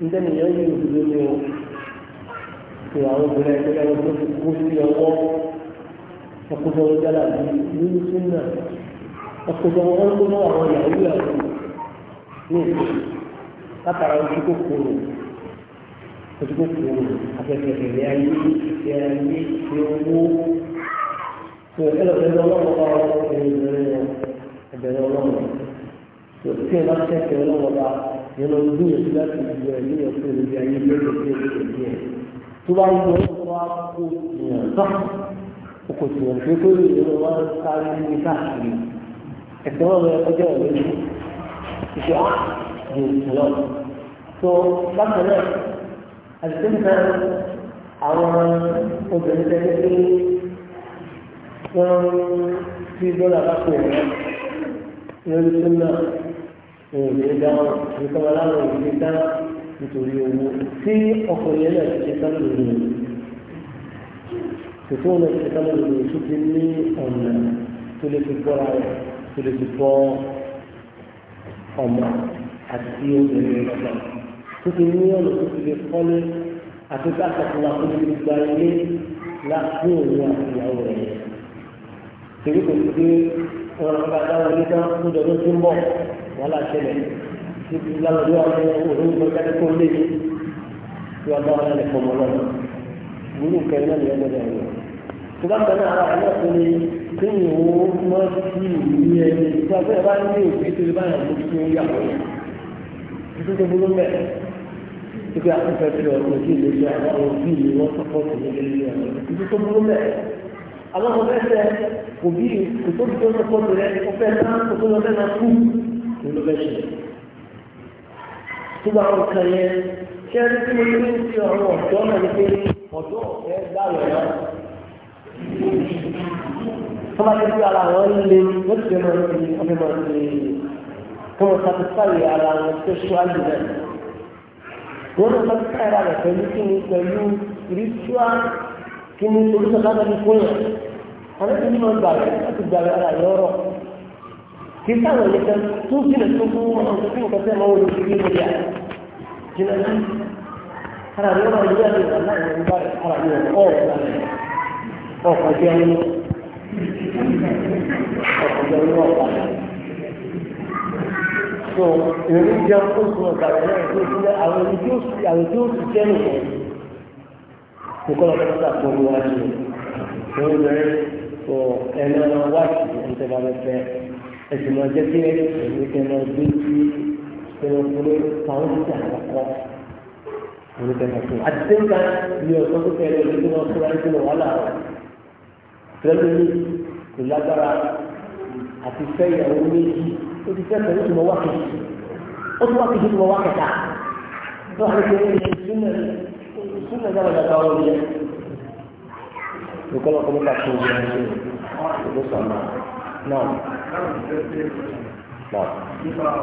níta nìyẹn yóò dúró ní o tó àwọn obìnrin ẹni tó kú sí ọwọ́ ọkùnrin ọjọ́ làbí nínú tó náà ọ̀pọ̀lọpọ̀ wọn kó mọ́ àwọn yàrá ní ìlú látara ojú kòkòrò ojú kòkòrò afẹ́fẹ́ ìrẹ́ ayé ìrẹ́ ayé ìrẹ́ owó tó ẹlọ́bẹ̀rẹ̀ ọlọ́wọ́ bá ẹgbẹ̀rẹ̀ ẹgbẹ̀rẹ̀ ọlọ́wọ́ tó tí ẹ bá tẹ̀sẹ̀ ọlọ́wọ́ bá yẹn lọ gbìyànjú láti gbìyànjú ẹ̀ ní ọ̀pọ̀ ìrẹ́ ayé lọ́dọ̀ tó ẹgbẹ̀rẹ̀ ìrẹ́ tó bá ń yọ ọkọ̀ wá kó tìyàn tán kó tìyàn tó kó lè lọ́wọ́ sáré ní káàkiri ẹ̀sìn wọn lọ ọjọ́ ìwé yìí ìṣe á di òsì lọ. tó bákan náà àdìsí nìkan àwọn obìnrin tẹ́lẹ̀ pé wọ́n fi dọ́là lápò ẹ̀rọ lórí tó náà òun lè dáhùn nítorí aláwọ̀ òun lè dáhùn nítorí owó tí ọkùnrin náà ti ṣe sáré lórí rẹ̀ tòtò náà ti ṣe sáré lórí rẹ̀ tó ti ní ọ̀nà tó lè fi gbọ́ra rẹ̀ tó lè fi bọ́ ọmọ àti obìnrin lọ́gbà tó ti ní ọ̀nà tó ti lè kọ́lé àti káàkiri àti tó ti gba ilé láti òun àti ìyàwó rẹ̀ yẹn. Tèmi kò sí pé wọn lọ bá dáwọ́ ní tán tó dọ̀dọ̀ tó ń bọ̀ wàhálà ṣẹlẹ̀ títí lálọ́dún àwọn òun lọ jáde kó lé ní tí wọ́n bá wọn lálẹ́ fọmọ lọ́nà. Ìwúlò kẹrin náà ni ọgbọ́dọ̀ ẹ̀rọ. Tó bá bẹ̀rẹ̀ téèyàn ó mọ́ sí ìlú ẹni tí a fẹ́ bá ní òbí tó lè bá yàn lójú tó ń yà wọ́n yàn títí tó burú mẹ́ títí afẹ́fẹ́ fi ọ̀rọ̀ ojú ìlú ṣe àwọn òbí ìlú wọn sọ́kọ́ sí ní ilé ọ̀rọ̀ títí tó burú mẹ́ àwọn ọmọ ẹsẹ̀ òbí òtóbi tó sọ́kọ́ sí rẹ̀ ọ̀fẹ́ náà kò tó lọ fẹ́ náà kú kò ló fẹ́ ṣe tó bá wọn kàn yẹn kí ẹni tí mo ní ní ti ọ̀rọ̀ ọ̀dọ́ náà ní pé ọ̀dọ́ ọ̀fẹ́ gbà tó bá ti di ara wọn lé wọ́n ti máa ń fi ọmọ máa ń lè kí wọ́n satisfy ara wọn sexually náà wọ́n lọ satisfy ara rẹ̀ pẹ̀lú kí ni pẹ̀lú spiritual kí ni olùsọ̀ sábà ní fún yẹn àwọn ẹni tí wọ́n gbà rẹ̀ láti gbà rẹ̀ ara yọ̀ ọ̀rọ̀ kì í sáwọn ẹ̀yẹ kan tó jìnà tó fún wọn àwọn tó kọ́ sẹ́yìn máa sí ilé ìyá jìnà náà ara yọ̀ ọ̀rọ̀ yíyá ara yọ̀ ọ̀rọ̀ ọ̀pọ̀lọpọ̀ ní ọ̀pá. so èrè jẹ oṣù ọ̀gbàrà náà tó ti lẹ àwọn ẹni tí ó sì àwọn tí ó sì jẹ́ nìyẹn nìkan ọ̀pọ̀ nígbà tó ń wá sí i lórí rẹ̀ so ẹ̀rọ wá sí i ẹ̀ńtẹ̀ bá fẹ́ ẹ̀sìn náà jẹ́ pé ẹ̀mí kẹ́nà gbé sí ẹ̀rọ fúnlé táwọn ti tẹ̀ àkọ́kọ́ ẹ̀mí kẹ́nà fún ni ọ̀sán tó kẹ́ ẹ̀rọ ìdíjọ́ náà fúnra ẹ̀sìn náà wà láàárọ̀ kò lágbára àti fẹ́ ìyàwó méjì ó ti fẹ́ pẹ̀lú ìmọ̀ wákàtí ó ti wákàtí ìmọ̀ wákàtà tó wà lókè ní ìsúnà ìsúnà dábàdà bá wọn yẹ lókè lọ́kọ́ mẹ́ta tó wọ́n yẹ ló sọ̀rọ̀ náà.